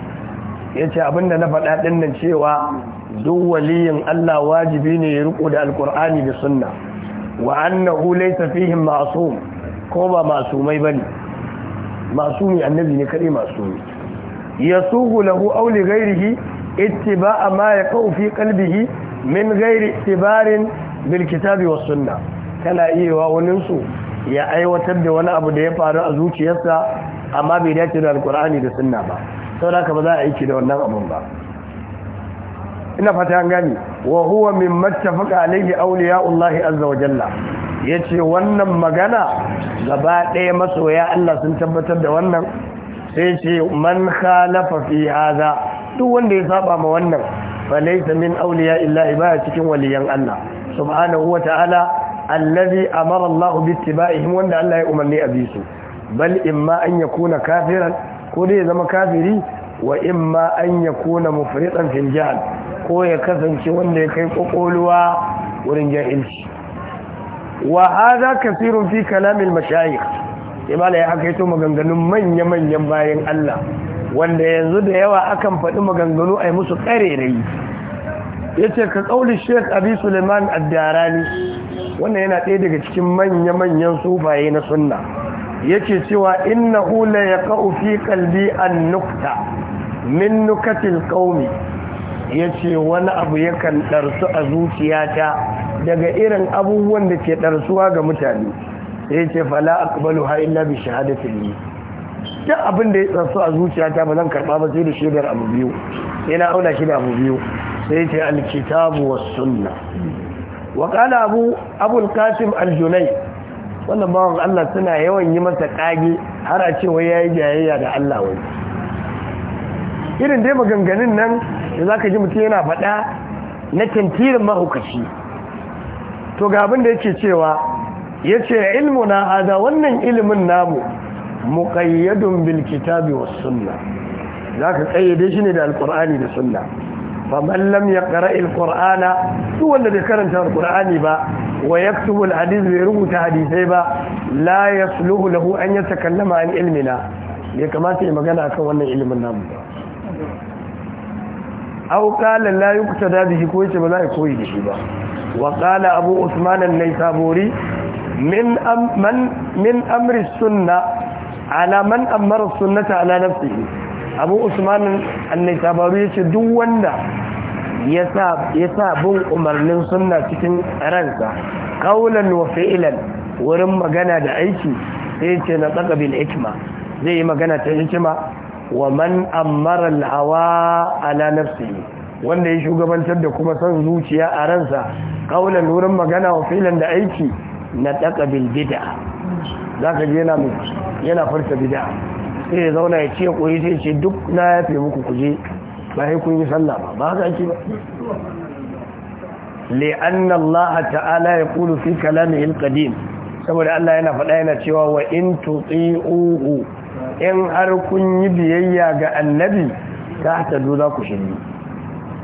yace abinda na faɗa din nan cewa duk waliyin Allah wajibi ne ya riko da alqur'ani da sunna wa annahu laysa fihim ma'sum ko ba masumai bane masumi annabi ne kare masumi yasuhu lahu aw li ghayrihi ittiba'a ma yaqau fi qalbihi min ghairi ittibarin bil kitabi was sunnah kana iya wa wani su ya aiwatar da wani abu da ya faru a zuciyarsa amma bai dace da alkur'ani da sunna ba saboda haka ba za a aiki da wannan abun ba ina fata gani wa huwa mimma tafaqa alayhi awliya'ullahi azza wa jalla yace wannan magana gaba ɗaya masoya Allah sun tabbatar da wannan sai ce man khalafa fi hadha duk wanda ya saba ma wannan fa laysa min awliya'illahi ba cikin waliyan Allah subhanahu wa ta'ala allazi amara Allah bi ittiba'ihim wanda Allah ya umarni a bisu bal imma an yakuna kafiran ko dai ya zama kafiri wa in ma an ya kuna mufritan fil ko ya kasance wanda ya kai kokoluwa wurin jahilci wa haza kathirun fi kalamin al mashayikh imala ya haka maganganun manya manyan bayan Allah wanda yanzu da yawa akan faɗi maganganu a ai musu ya ce ka kauli Sheikh Abi Suleiman darani wannan yana ɗaya daga cikin manya manyan sufaye na sunna yake cewa innahu hula ya ƙaufi kalbi an-nukta min nukatil ya ce wani abu yakan ɗarsu a zuciyata daga irin abubuwan da ke ɗarsuwa ga mutane ce fala aqbalu ha illa bi shahadatin li duk abin da ya ɗarsu a zuciyata ba zan karɓa ba sai da shaidar abu biyu yana auna shi da abu biyu sai ce alkitabu wa sunna wa abu abul qasim aljunai wannan bawan Allah suna yawan yi masa kage har a ce cewa yayi jayayya da Allah wani irin dai maganganun nan da za ka ji mutum yana faɗa na tantirin mahaukaci to ga abin da yake cewa ya ce ilmu na haza wannan ilimin namu muƙayyadun bil kitabi wa sunna za ka dai shi ne da alƙur'ani da sunna Ba mallam ya ƙara alƙur'ana duk wanda bai karanta alƙur'ani ba wa ya yaktubu alhadith bai rubuta hadisai ba la yasluhu lahu an yatakallama an ilmina Ya kamata ya magana akan wannan ilimin namu ba aw qala la yuqtada bihi ko yace ba za a koyi da shi ba wa qala abu usman an-naisaburi min am man min amri sunna ala man amara sunnata ala nafsihi abu usman an-naisaburi yace duk wanda ya sa bin umarnin sunna cikin ranka qawlan wa fi'lan wurin magana da aiki sai yace na tsaka bil hikma zai yi magana ta hikima wa man ammara al ala nafsihi wanda ya shugabantar da kuma son zuciya a ransa kaulan wurin magana wa filin da aiki na taka bilbida. Za ka je yana yana farta bid'a sai ya zauna ya ce koyi sai ce duk na yafe muku kuje ba ya kun yi sallah ba ba haka ake ba لأن الله تعالى يقول في كلامه القديم saboda Allah yana faɗa yana cewa wa in tuti'uhu in har kun yi biyayya ga annabi ta hatadu za ku shirye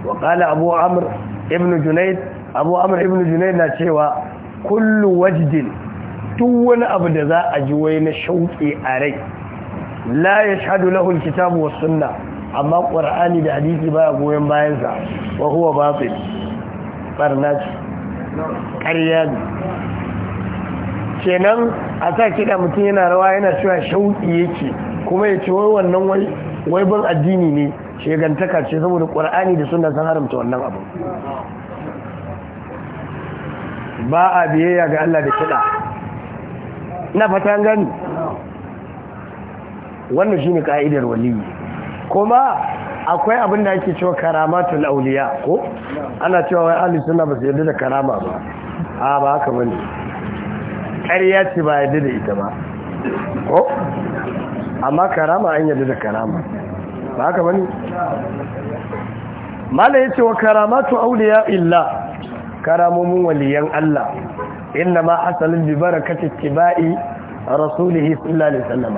wa qala abu amr ibn junayd abu amr ibn na cewa kullu wajdin duk wani abu da za a ji wai na shauƙi a rai la yashhadu lahu alkitabu was sunna amma qur'ani da hadisi baya goyon bayansa sa wa huwa batil barna ƙarya ne kenan a sa kiɗa mutum yana rawa yana cewa shauƙi yake kuma ya ce wai wannan wai ban addini ne shegantaka ce saboda ƙwar'ani da suna san haramta wannan abu ba a biyayya ga Allah da kiɗa na fata gani wannan shi ne ka'idar waliyu kuma akwai abin da ake cewa karamatul auliya ko ana cewa wai ahli ba su yarda da karama ba a ba haka bane ƙarya ce ba yadda da ita ba ko amma karama an yadda da karama ba haka bane mala yace wa karamatu awliya illa karamomin waliyan Allah inna ma hasalin bi barakati tibai rasulihi sallallahu alaihi wasallam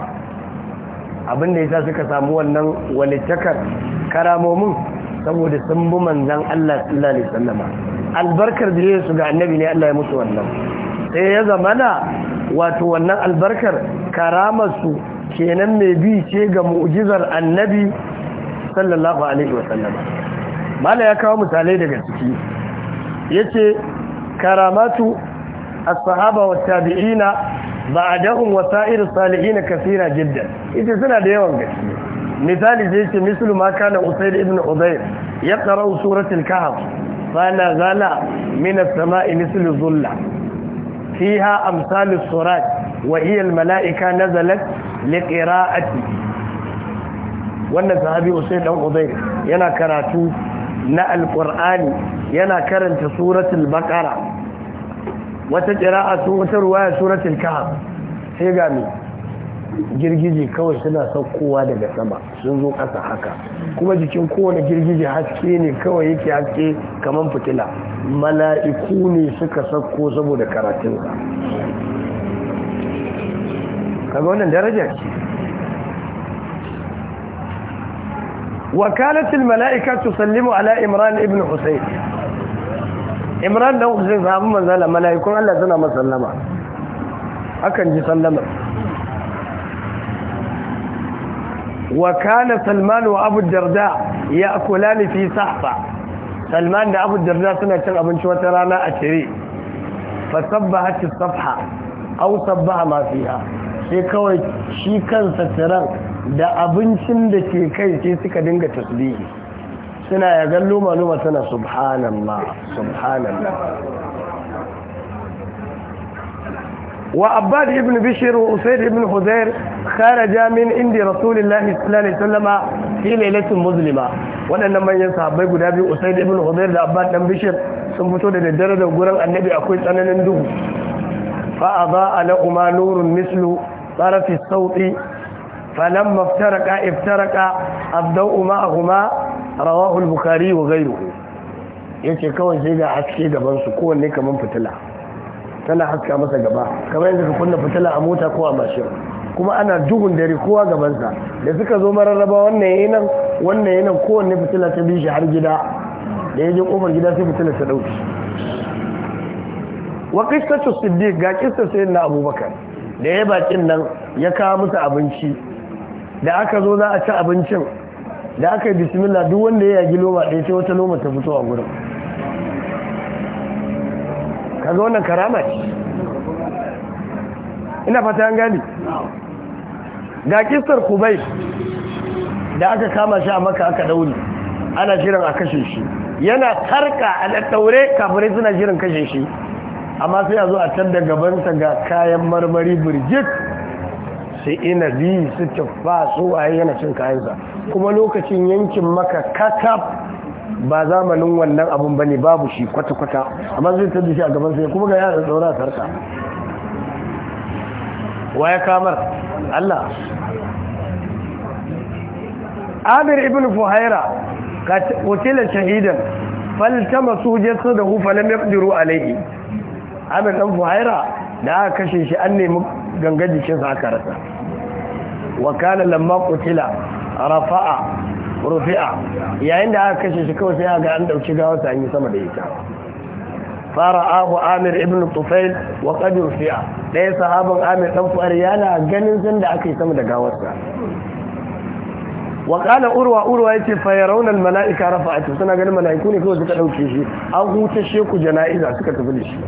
abinda yasa suka samu wannan walitakar karamomin saboda sun bi manzon Allah sallallahu alaihi wasallam albarkar da yake su ga annabi ne Allah ya mutu wannan sai ya zamana wato wannan albarkar karamarsu kenan mai bi ce ga mu'ujizar annabi sallallahu alaihi wasallama mala ya kawo misalai daga ciki yace karamatu as-sahaba wa tabi'ina ba a ba'dahum wa sa'irus sali'ina kaseera jidda ita suna da yawan gaske misali zai ce mislu ma kana da ibn ya tsara suratul kahf fa zala min as-sama'i mislu Zulla. فيها أمثال الصراط وهي الملائكة نزلت لقراءته wannan sahabi sai dan Udayr yana karatu na Alƙur'ani, yana karanta suratul Baqara wata qira'a wata ruwaya suratul Kahf sai ga girgiji kawai suna kowa daga sama sun zo kasa haka kuma jikin kowane girgiji haske ne kawai yake haske kamar fitila mala'iku ne suka sauko saboda karatun kaga wannan darajar wakalatul mala'ika tusallimu ala imran ibn husayn imran dan husayn sabon manzala mala'ikun Allah suna masallama akan ji sallama وكان سلمان وأبو الدرداء يأكلان في صحفة سلمان ده أبو الدرداء سنة كان أبن شوترانا أشري فصبهت الصفحة أو صبها ما فيها sai kawai shi kansa tiran da abincin da ke kai sai suka dinga tasbihi suna ya ga luma luma suna subhanallah subhanallah wa abbad ibn bishir wa usaid ibn hudair kharaja jami'in indi rasulillahi sallallahu alaihi wasallama fi lailatin muslima waɗannan manyan sahabbai guda biyu usaid ibn hudair da Abba dan bishir sun fito da daddare da gurin annabi akwai tsananin duhu fa adha kuma nurun mislu tarafi sauti فلما افترق افترق الضوء معهما Bukhari البخاري وغيره yace kawai sai ga haske gaban su kowanne kaman fitila tana haska masa gaba kamar yadda ka kunna fitila a mota ko a mashin kuma ana duhun dare kowa gabansa da suka zo mararraba wannan yayi nan wannan yayi nan kowanne fitila ta bishi har gida da ya je kofar gida sai fitila ta dauki wa qissatu siddiq ga qissar na abubakar da ya bakin nan ya kawo musu abinci da aka zo za a ci abincin da aka yi bismillah duk wanda ya yagi loma ɗaya sai wata loma ta fito a gurin kaga wannan karama ce ina fata an gani ga kisar kubai da aka kama shi a maka aka dauri ana jiran a kashe shi yana tarka a ɗaɗɗaure kafirai suna jiran kashe shi amma sai a zo a tadda gabansa ga kayan marmari birjit su biyu su tuffa su waye yana cin kayansa kuma lokacin yankin maka kakaf ba zamanin wannan abun ba ne babu shi kwata-kwata amma zai tadda shi a gabansa kuma ga yaran tsaura tarka wa ya kamar Allah amir ibn fuhaira kutila shahidan faltama su jesu da hufa na mafdiru alaihi amir Ibn fuhaira da aka kashe shi an nemi gangar sa aka rasa wa kana lamma kutila rafa'a rufi'a yayin da aka kashe shi kawai sai ga an dauki gawarsa an yi sama da ita fara'ahu amir ibn tufail wa qad ɗaya sahaban amir dan fu'ar yana ganin sanda da aka sama da gawarsa wa qala urwa urwa yace fa yarawna al mala'ika rafa'atu suna ganin mala'iku ne kawai suka dauke shi an huta sheku jana'iza suka tafi da shi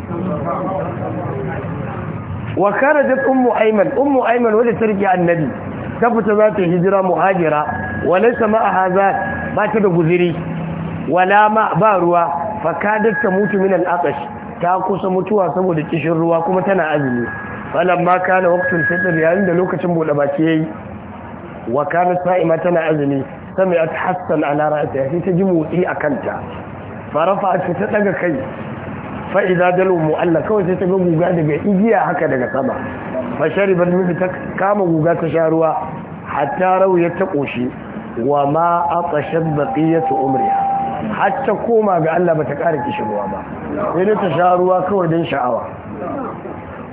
wa kharajat ummu ayman ummu ayman wadda annabi ta fita za ta hijira muhajira wa laysa ma'aha ba ta da guziri wala ma ba ruwa ka mutu min al'aqash ta kusa mutuwa saboda kishin ruwa kuma tana azumi falamma kana waktun fitr yayin da lokacin bude baki yayi wa kana sa'ima tana azumi sami'at hassan ala ya sai ta ji motsi a kanta farafa ta daga kai fa idza dalu mu'alla kawai sai ta ga guga daga igiya haka daga sama fa sharibat min ta kama guga ta sha ruwa hatta rawiyat ta koshi wa ma aqashab baqiyatu umriha har ta koma ga Allah ba ta ƙara kishirwa ba sai ta sha ruwa kawai don sha'awa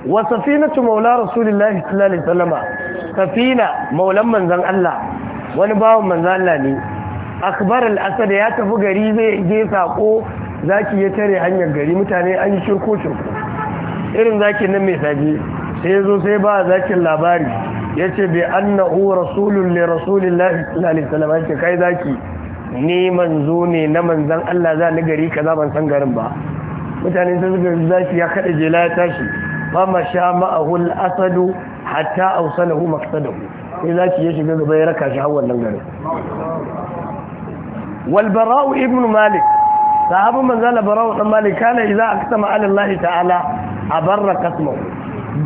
wa safinatu maula rasulullahi sallallahu alaihi wasallam safina maulan manzan Allah wani bawan manzon Allah ne akbar al-asad ya tafi gari zai je sako zaki ya tare hanyar gari mutane an yi shirko shirko irin zakin nan mai saji sai zo sai ba zakin labari Yace bi annahu rasulun li rasulillahi sallallahu alaihi wasallam yace kai zaki ni manzo ne na manzan Allah za ni gari kaza ban san garin ba mutane sun zuga zaki ya kada jela ya tashi fa ma sha ma'ahu al-asadu hatta awsalahu maqsadahu sai zaki ya shiga gaba ya raka shi har wannan garin wal bara'u ibn malik sahabu manzala bara'u dan malik kana idza aqsama ala Allah ta'ala abarra qasmahu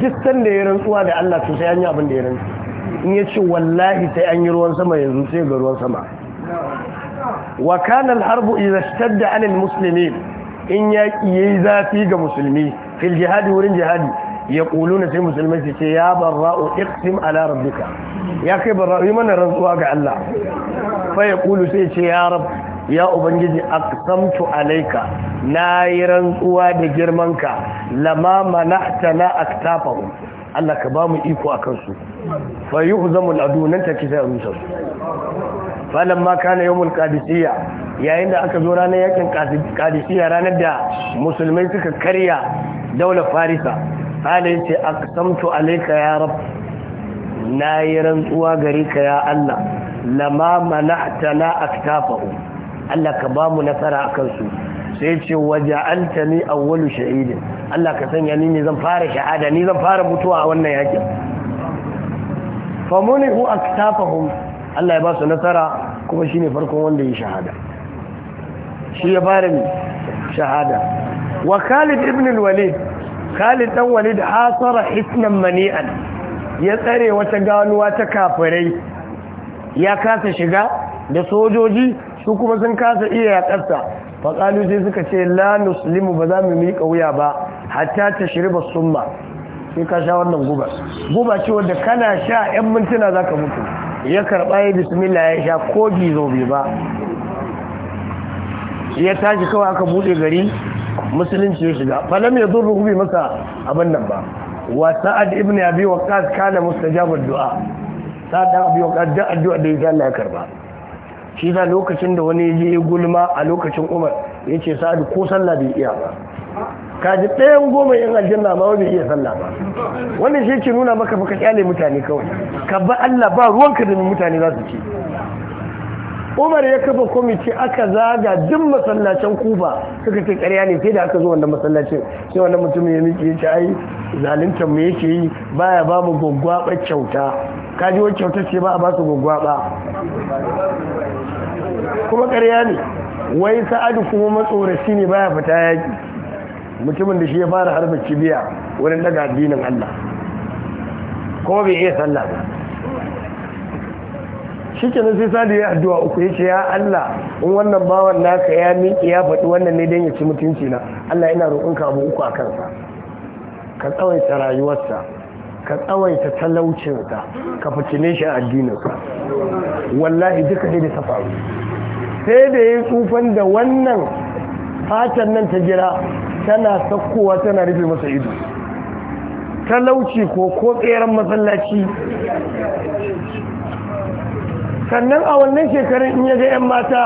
duk sanda ya rantsuwa da Allah to sai an yi abin da ya rantsu in ya ce wallahi sai an yi ruwan sama yanzu sai ga ruwan sama wa kana al-harbu idha ishtadda 'ala al-muslimin in yaki yayi zafi ga musulmi fil jihadi wurin jihadi yaquluna sai musulmai su ce ya barra'u iqsim ala rabbika ya kai barra'u yi mana rantsuwa ga Allah fa yaqulu sai ce ya rab ya ubangiji aqsamtu alayka nayi rantsuwa da ka lama mana'ta na aktafahu Allah ka ba mu iko akan su fa yuhzamu al-adu nan take sai falamma kana yawmul qadisiyya yayin da aka zo ranar yakin qadisiyya ranar da musulmai suka karya daular farisa ala yace samtu alaika ya rab yi rantsuwa gari ka ya Allah lama mana'tana aktafahu Allah ka ba mu nasara a kansu. sai ce a awwalu sha'idin. Allah ka sanya ni ne zan fara shahada ni zan fara mutuwa a wannan yakin famunihu aktafahum Allah ya ba su nasara kuma shi ne farkon wanda ya shahada shi ya fara shahada wa khalid ibn walid khalid dan walid hasara hisnan mani'an ya tsare wata ganuwa ta kafirai ya kasa shiga da sojoji su kuma sun kasa iya yakarsa faƙalu sai suka ce la nuslimu ba za mu miƙa wuya ba hatta ta shirba summa sai ka sha wannan guba guba ce wadda kana sha 'yan mintuna za ka mutu ya karɓa ya bismillah ya sha kogi gizo ba ya tashi kawai aka buɗe gari musulunci ya shiga falam ya zo rubi masa abin nan ba wa sa'ad ibn abi waqas kana mustajabud du'a sa'ad abi waqas da addu'a da yake Allah ya karba shi da lokacin da wani ya je gulma a lokacin Umar yace sa'ad ko sallah bai iya ba kaji ɗayan goma yan aljanna ma bai iya sallah ba wannan shi ke nuna maka baka kyale mutane kawai ka ba Allah ba ruwanka da mutane za su ce Umar ya kafa kwamiti aka zaga duk masallacin Kuba suka ce ƙarya ne sai da aka zo wannan masallacin sai wannan mutumin ya miƙe yace ai zaluntar mu yake yi baya ba mu gwaggwaba kyauta ji wani kyauta ce ba a ba su gwaggwaba kuma ƙarya ne wai sa'adu kuma matsoraci ne baya fita yaki mutumin da shi ya fara harba cibiya wani daga addinin Allah kuma bai iya sallah ba shi ke nan sai sadu ya addu'a uku ya ce ya Allah in wannan bawan naka ya miƙe ya faɗi wannan ne don ya ci mutunci na Allah ina roƙonka abu uku a kansa ka tsawaita rayuwarsa ka tsawaita talaucinsa ka fitine shi a addininsa wallahi duka ne da ta sai da ya tsufan da wannan fatan nan ta jira tana sakkowa tana rufe masa ido talauci ko ko tseren masallaci sannan a wannan shekarun in yaga 'yan mata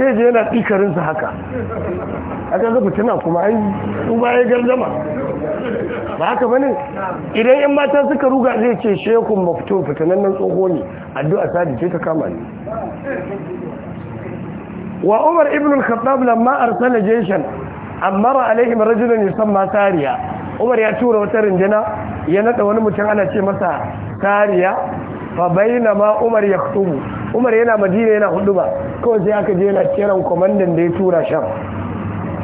sai je yana tsikarinsa haka a ga zafi tana kuma an tuba ya gargama ba haka bane idan 'yan mata suka ruga zai ce shekun mafito fitanen tsoho ne addu'a sadi ce ta kama ne wa umar ibn al-khattab lamma arsala jayshan amara alaihim rajulun yusamma sariya umar ya tura wata rinjina ya nada wani mutum ana ce masa sariya fa ma umar yaktubu umar yana madina yana huduba kawai sai aka je yana kiran kwamandan da ya tura shan.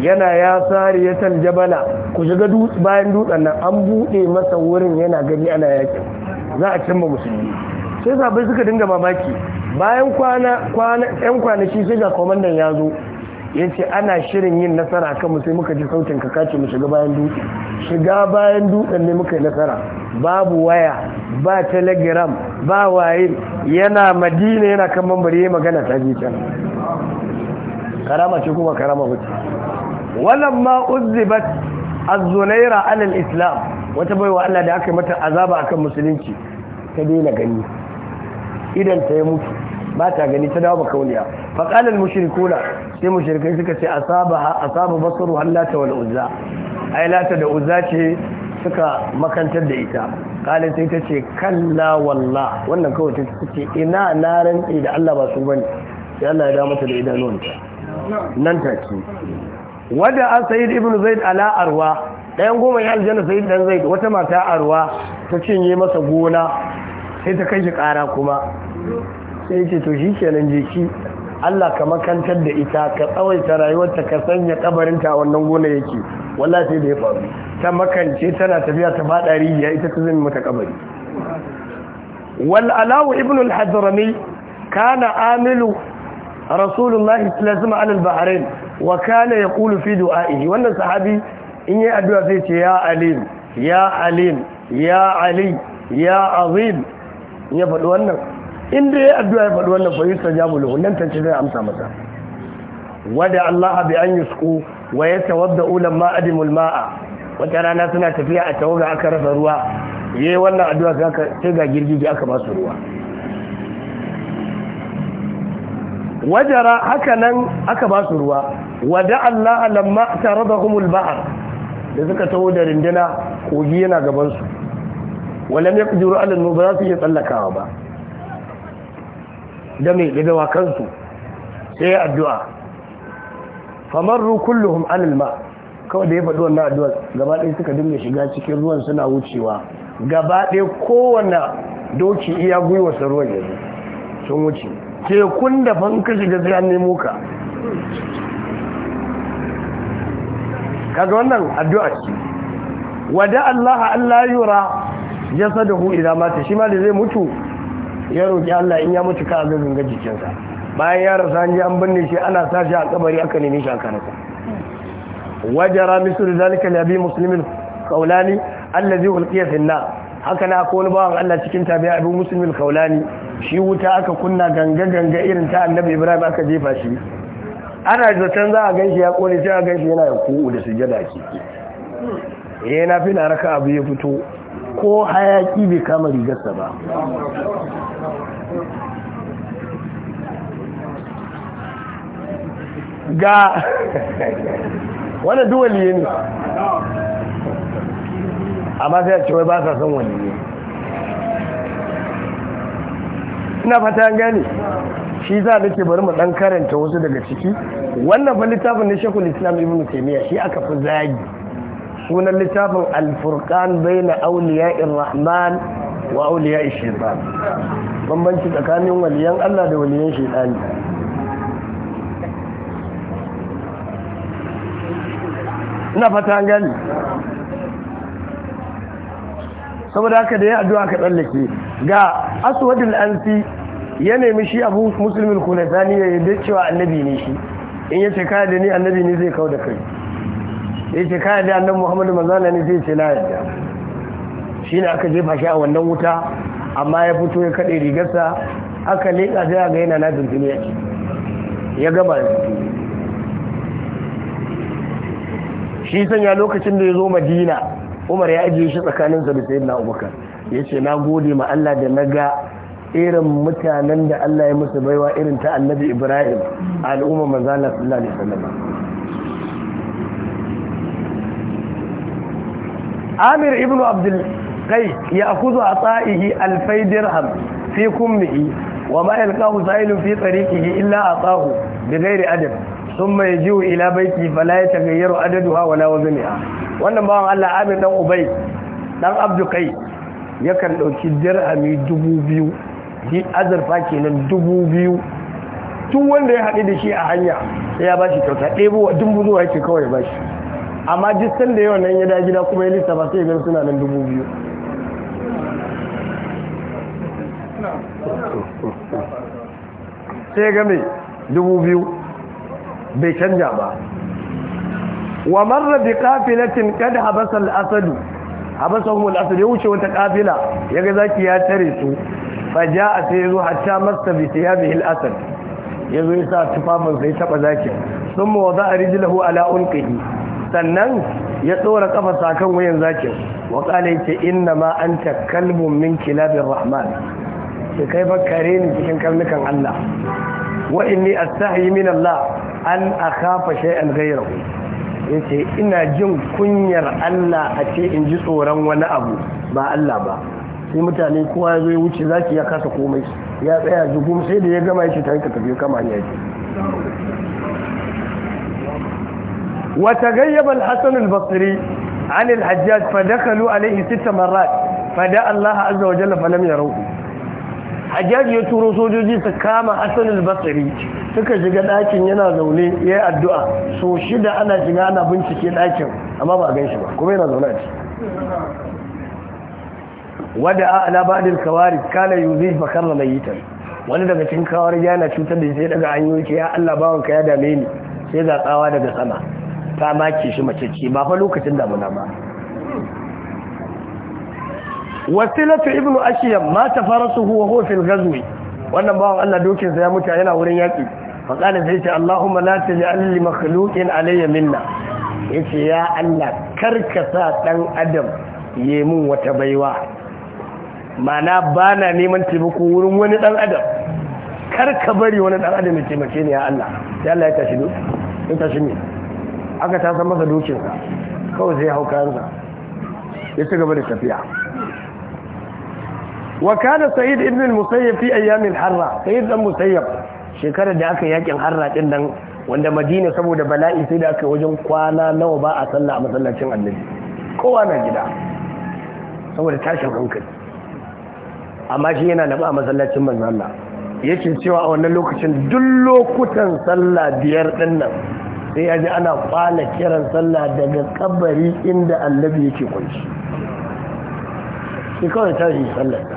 yana ya sariyatal jabala ku shiga bayan dutsen nan an bude masa wurin yana gani ana yakin za a cimma musulmi sai sabai suka dinga mamaki bayan yan kwanaki sai ga komandan ya zo ya ce ana shirin yin nasara kan mu sai muka ji sautin ka kace mu shiga bayan dutse shiga bayan dutsen ne muka yi nasara babu waya ba telegram ba waye yana madina yana kan mambari ya magana ta ji can karama ce kuma karama ba wannan ma uzzibat az-zunaira alal islam wata baiwa Allah da aka yi mata azaba akan musulunci ta daina gani idan ta yi mutu ba ta gani ta dawo makauniya fa qala al mushrikuna sai mushrikai suka ce asabaha asaba basaru hallata wal uzza ai lata da uzza ce suka makantar da ita kala sai ta ce kalla walla wannan kawai ta ce ina na rantsi da Allah ba su bane sai Allah ya da mata da idanuwanta nan ta ce wadda an sayyid ibnu zaid ala arwa ɗayan goma ya aljanna sai dan zaid wata mata arwa ta cinye masa gona sai ta kai shi ƙara kuma sai ya ce to shi kenan jiki Allah ka makantar da ita ka tsawaita rayuwarta ka sanya kabarinta a wannan gona yake wallahi sai da ya faru ta makance tana tafiya ta fada rijiya ita ta zama mata kabari wal alawu ibn al hadrami kana amilu rasulullahi sallallahu alaihi wasallam wa kana yaqulu fi du'a'ihi wannan sahabi in yi addu'a sai ce ya alim ya alim ya ali ya azim ya faɗi wannan inda ya addu'a ya faɗi wannan fahimta yustajabu lahu nan tance zai amsa masa wadda Allah bi an suku wa da ulan ma'adi mulma'a, wata rana suna tafiya a tawaga aka rasa ruwa ya yi wannan addu'a sai ga girgije aka ba su ruwa wajara haka nan aka ba su ruwa wadda Allah lamma humul ba'ar da suka taho da rindina kogi yana gabansu su walam yaqdiru ala alal mubarak ya tsallakawa ba da mai da kansu sai ya addu'a famarru kullum alal kawai da ya faɗi wannan addu'a gaba ɗaya suka dinga shiga cikin ruwan suna wucewa gaba ɗaya kowane doki iya gwiwarsa ruwan yanzu sun wuce tekun da fanka shiga zai an nemo ka kaga wannan addu'a ce wada Allah Allah yura jasadahu idan mata shi ma da zai mutu ya roƙi Allah in ya mutu ka ga zunga jikinsa bayan ya rasa an ji an binne shi ana sa shi a kabari aka nemi shi a kanaka wajara misal zalika li abi muslimin kaulani allazi ulqiya fi nar haka na akwai wani bawan Allah cikin tabi'a abu muslimin kaulani shi wuta aka kunna ganga ganga irin ta annabi ibrahim aka jefa shi ana zaton za a ganshi ya kone sai a ganshi yana ya ku'u da sujada ke eh, yana fi na raka abu ya fito ko hayaki bai kama rigarsa ba ga wani duwaliye ne amma sai a ce ba sa son waliye ina fata gani shi za a ke bari mu dan karanta wasu daga ciki wannan fa littafin na shekul islam ibn taymiya shi aka fi zagi sunan littafin al bai na awliya'ir rahman wa awliya'ir shaytan bambanci tsakanin waliyan Allah da waliyan shaytani na fata gani saboda haka da ya addu'a ka tsallake ga aswadul anfi ya nemi shi abu musulmin kunatani ya yadda cewa annabi ne shi in ya ce kaya da ni annabi ne zai kawo da kai ya ce kaya da annan muhammadu mazana ne zai ce layar yadda shi ne aka jefa shi a wannan wuta amma ya fito ya kaɗe rigarsa aka leƙa zai ga yana na tuntuni ya gama da tuntuni shi sanya lokacin da ya zo madina umar ya ajiye shi tsakaninsa da sayyidina abubakar ya ce na gode ma allah da na ga irin mutanen da allah ya musu baiwa irin ta annabi ibrahim a al'umma manzana sallallahu alaihi wasallam amir ibn abdul kai ya akuzu a tsa'ihi alfai dirham fi kummihi wa ma yalqahu sa'ilun fi tariqihi illa atahu bi ghairi adab Sun thumma yaji'u ila baiti fala tagayyaru adaduha wala wazniha wannan bawan Allah amin dan Ubay dan Abdu Kai yakan dauki dirhami 2000 shi azurfa kenan 2000 tun wanda ya haɗu da shi a hanya sai ya bashi kyauta ɗebo dubu zuwa yake kawai bashi amma duk sanda yawan nan ya da gida kuma ya lissafa sai ya suna nan 2000 sai mai dubu biyu bai canja ba wa marra bi qafilatin kad habasa al-asad habasahum al-asad ya wuce wata kafila yaga zaki ya tare su fa jaa sai yazo hatta masta bi thiyabihi al-asad yazo ya sa tufafin sai taba zaki thumma wada'a rijlahu ala unqihi sannan ya tsora kafa kan wayan zakin wa qala yace inna ma anta kalbun min kilabir rahman sai kai ba kare ni cikin karnukan Allah wa inni astahi min Allah an akhafa shay'an ghayrahu yace ina jin kunyar Allah a ce in ji tsoron wani abu ba Allah ba sai mutane kowa ya zo ya wuce zaki ya kasa komai ya tsaya jugum sai da ya gama yace ta tafi kama ya ce wa tagayyaba al-hasan al-basri an al-hajjaj fa dakalu alayhi sitt marrat fa da Allah azza wa jalla fa lam yarawhu hajjaji ya turo sojoji su kama hassan basari suka shiga ɗakin yana zaune ya yi addu'a so shida ana shiga ana bincike ɗakin amma ba a gan shi ba kuma yana zaune a ci wadda a alabadin kawari kala zai bakar da mayitan wani daga cikin kawar yana cutar da sai daga hanyoyi ce ya allah ya dame ni sai ga tsawa daga sama ta maki shi mace ce ba fa lokacin damuna ba wasilatu ibnu ashiyam mata farasuhu wa huwa fil ghazwi wannan bawan Allah dokin sa ya mutu yana wurin yaki fa kana sai ce Allahumma la taj'al li makhluqin alayya minna yace ya Allah karkasa dan adam yi mun wata baiwa mana bana neman taimako wurin wani dan adam karka bari wani dan adam ya taimake ni ya Allah ya Allah ya tashi do ya tashi ni aka tasa masa dokin sa kawai sai ya hau kayansa ya ci gaba da tafiya wa da sa'id ibn Musayyafi musayyib fi ayyamil harra sa'id dan musayyib shekarar da aka yakin harra din nan wanda madina saboda bala'i sai da aka wajen kwana nawa ba a sallah a masallacin annabi kowa na gida saboda tashin hankali amma shi yana da a masallacin manzo Allah yake cewa a wannan lokacin duk lokutan sallah biyar din nan sai ya ji ana kwana kiran sallah daga kabari inda annabi yake kunshi sai kawai tashi sallah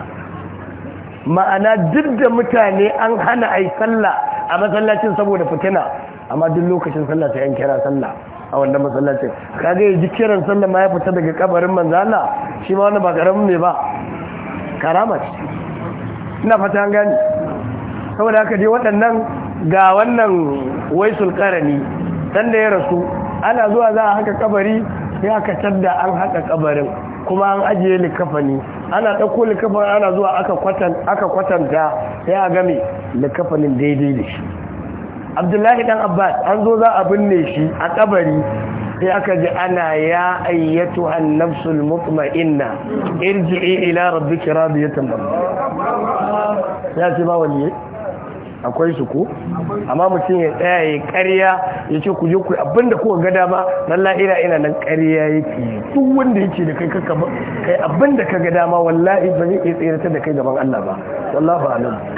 ma'ana duk da mutane an hana ayi sallah a masallacin saboda fitina amma duk lokacin sallah ta yan kira sallah a wannan masallacin kaga yaji kiran sallah ma ya fita daga kabarin manzala shi ma wani ba karamin ne ba karama ce ina fata an gani saboda haka dai waɗannan ga wannan waisul qarani sanda ya rasu ana zuwa za a haka kabari sai aka tadda an haka kabarin kuma an ajiye likafani ana ɗauko likafani ana zuwa aka kwatanta sai a game likafanin daidai da shi abdullahi dan abbas an zo za a binne shi a kabari sai aka ji ana ya ayyatu nafsul mutma'inna irji'i ila rabbika radiyatan ya ce ba akwai su ko amma mutum ya tsaya ya karya ya ce ku je ku abinda kuka ga dama lalla ina ina nan ƙarya yake duk wanda yake da kai kaka kai abinda ka ga dama wallahi ba zai iya tsere da kai gaban Allah ba wallahi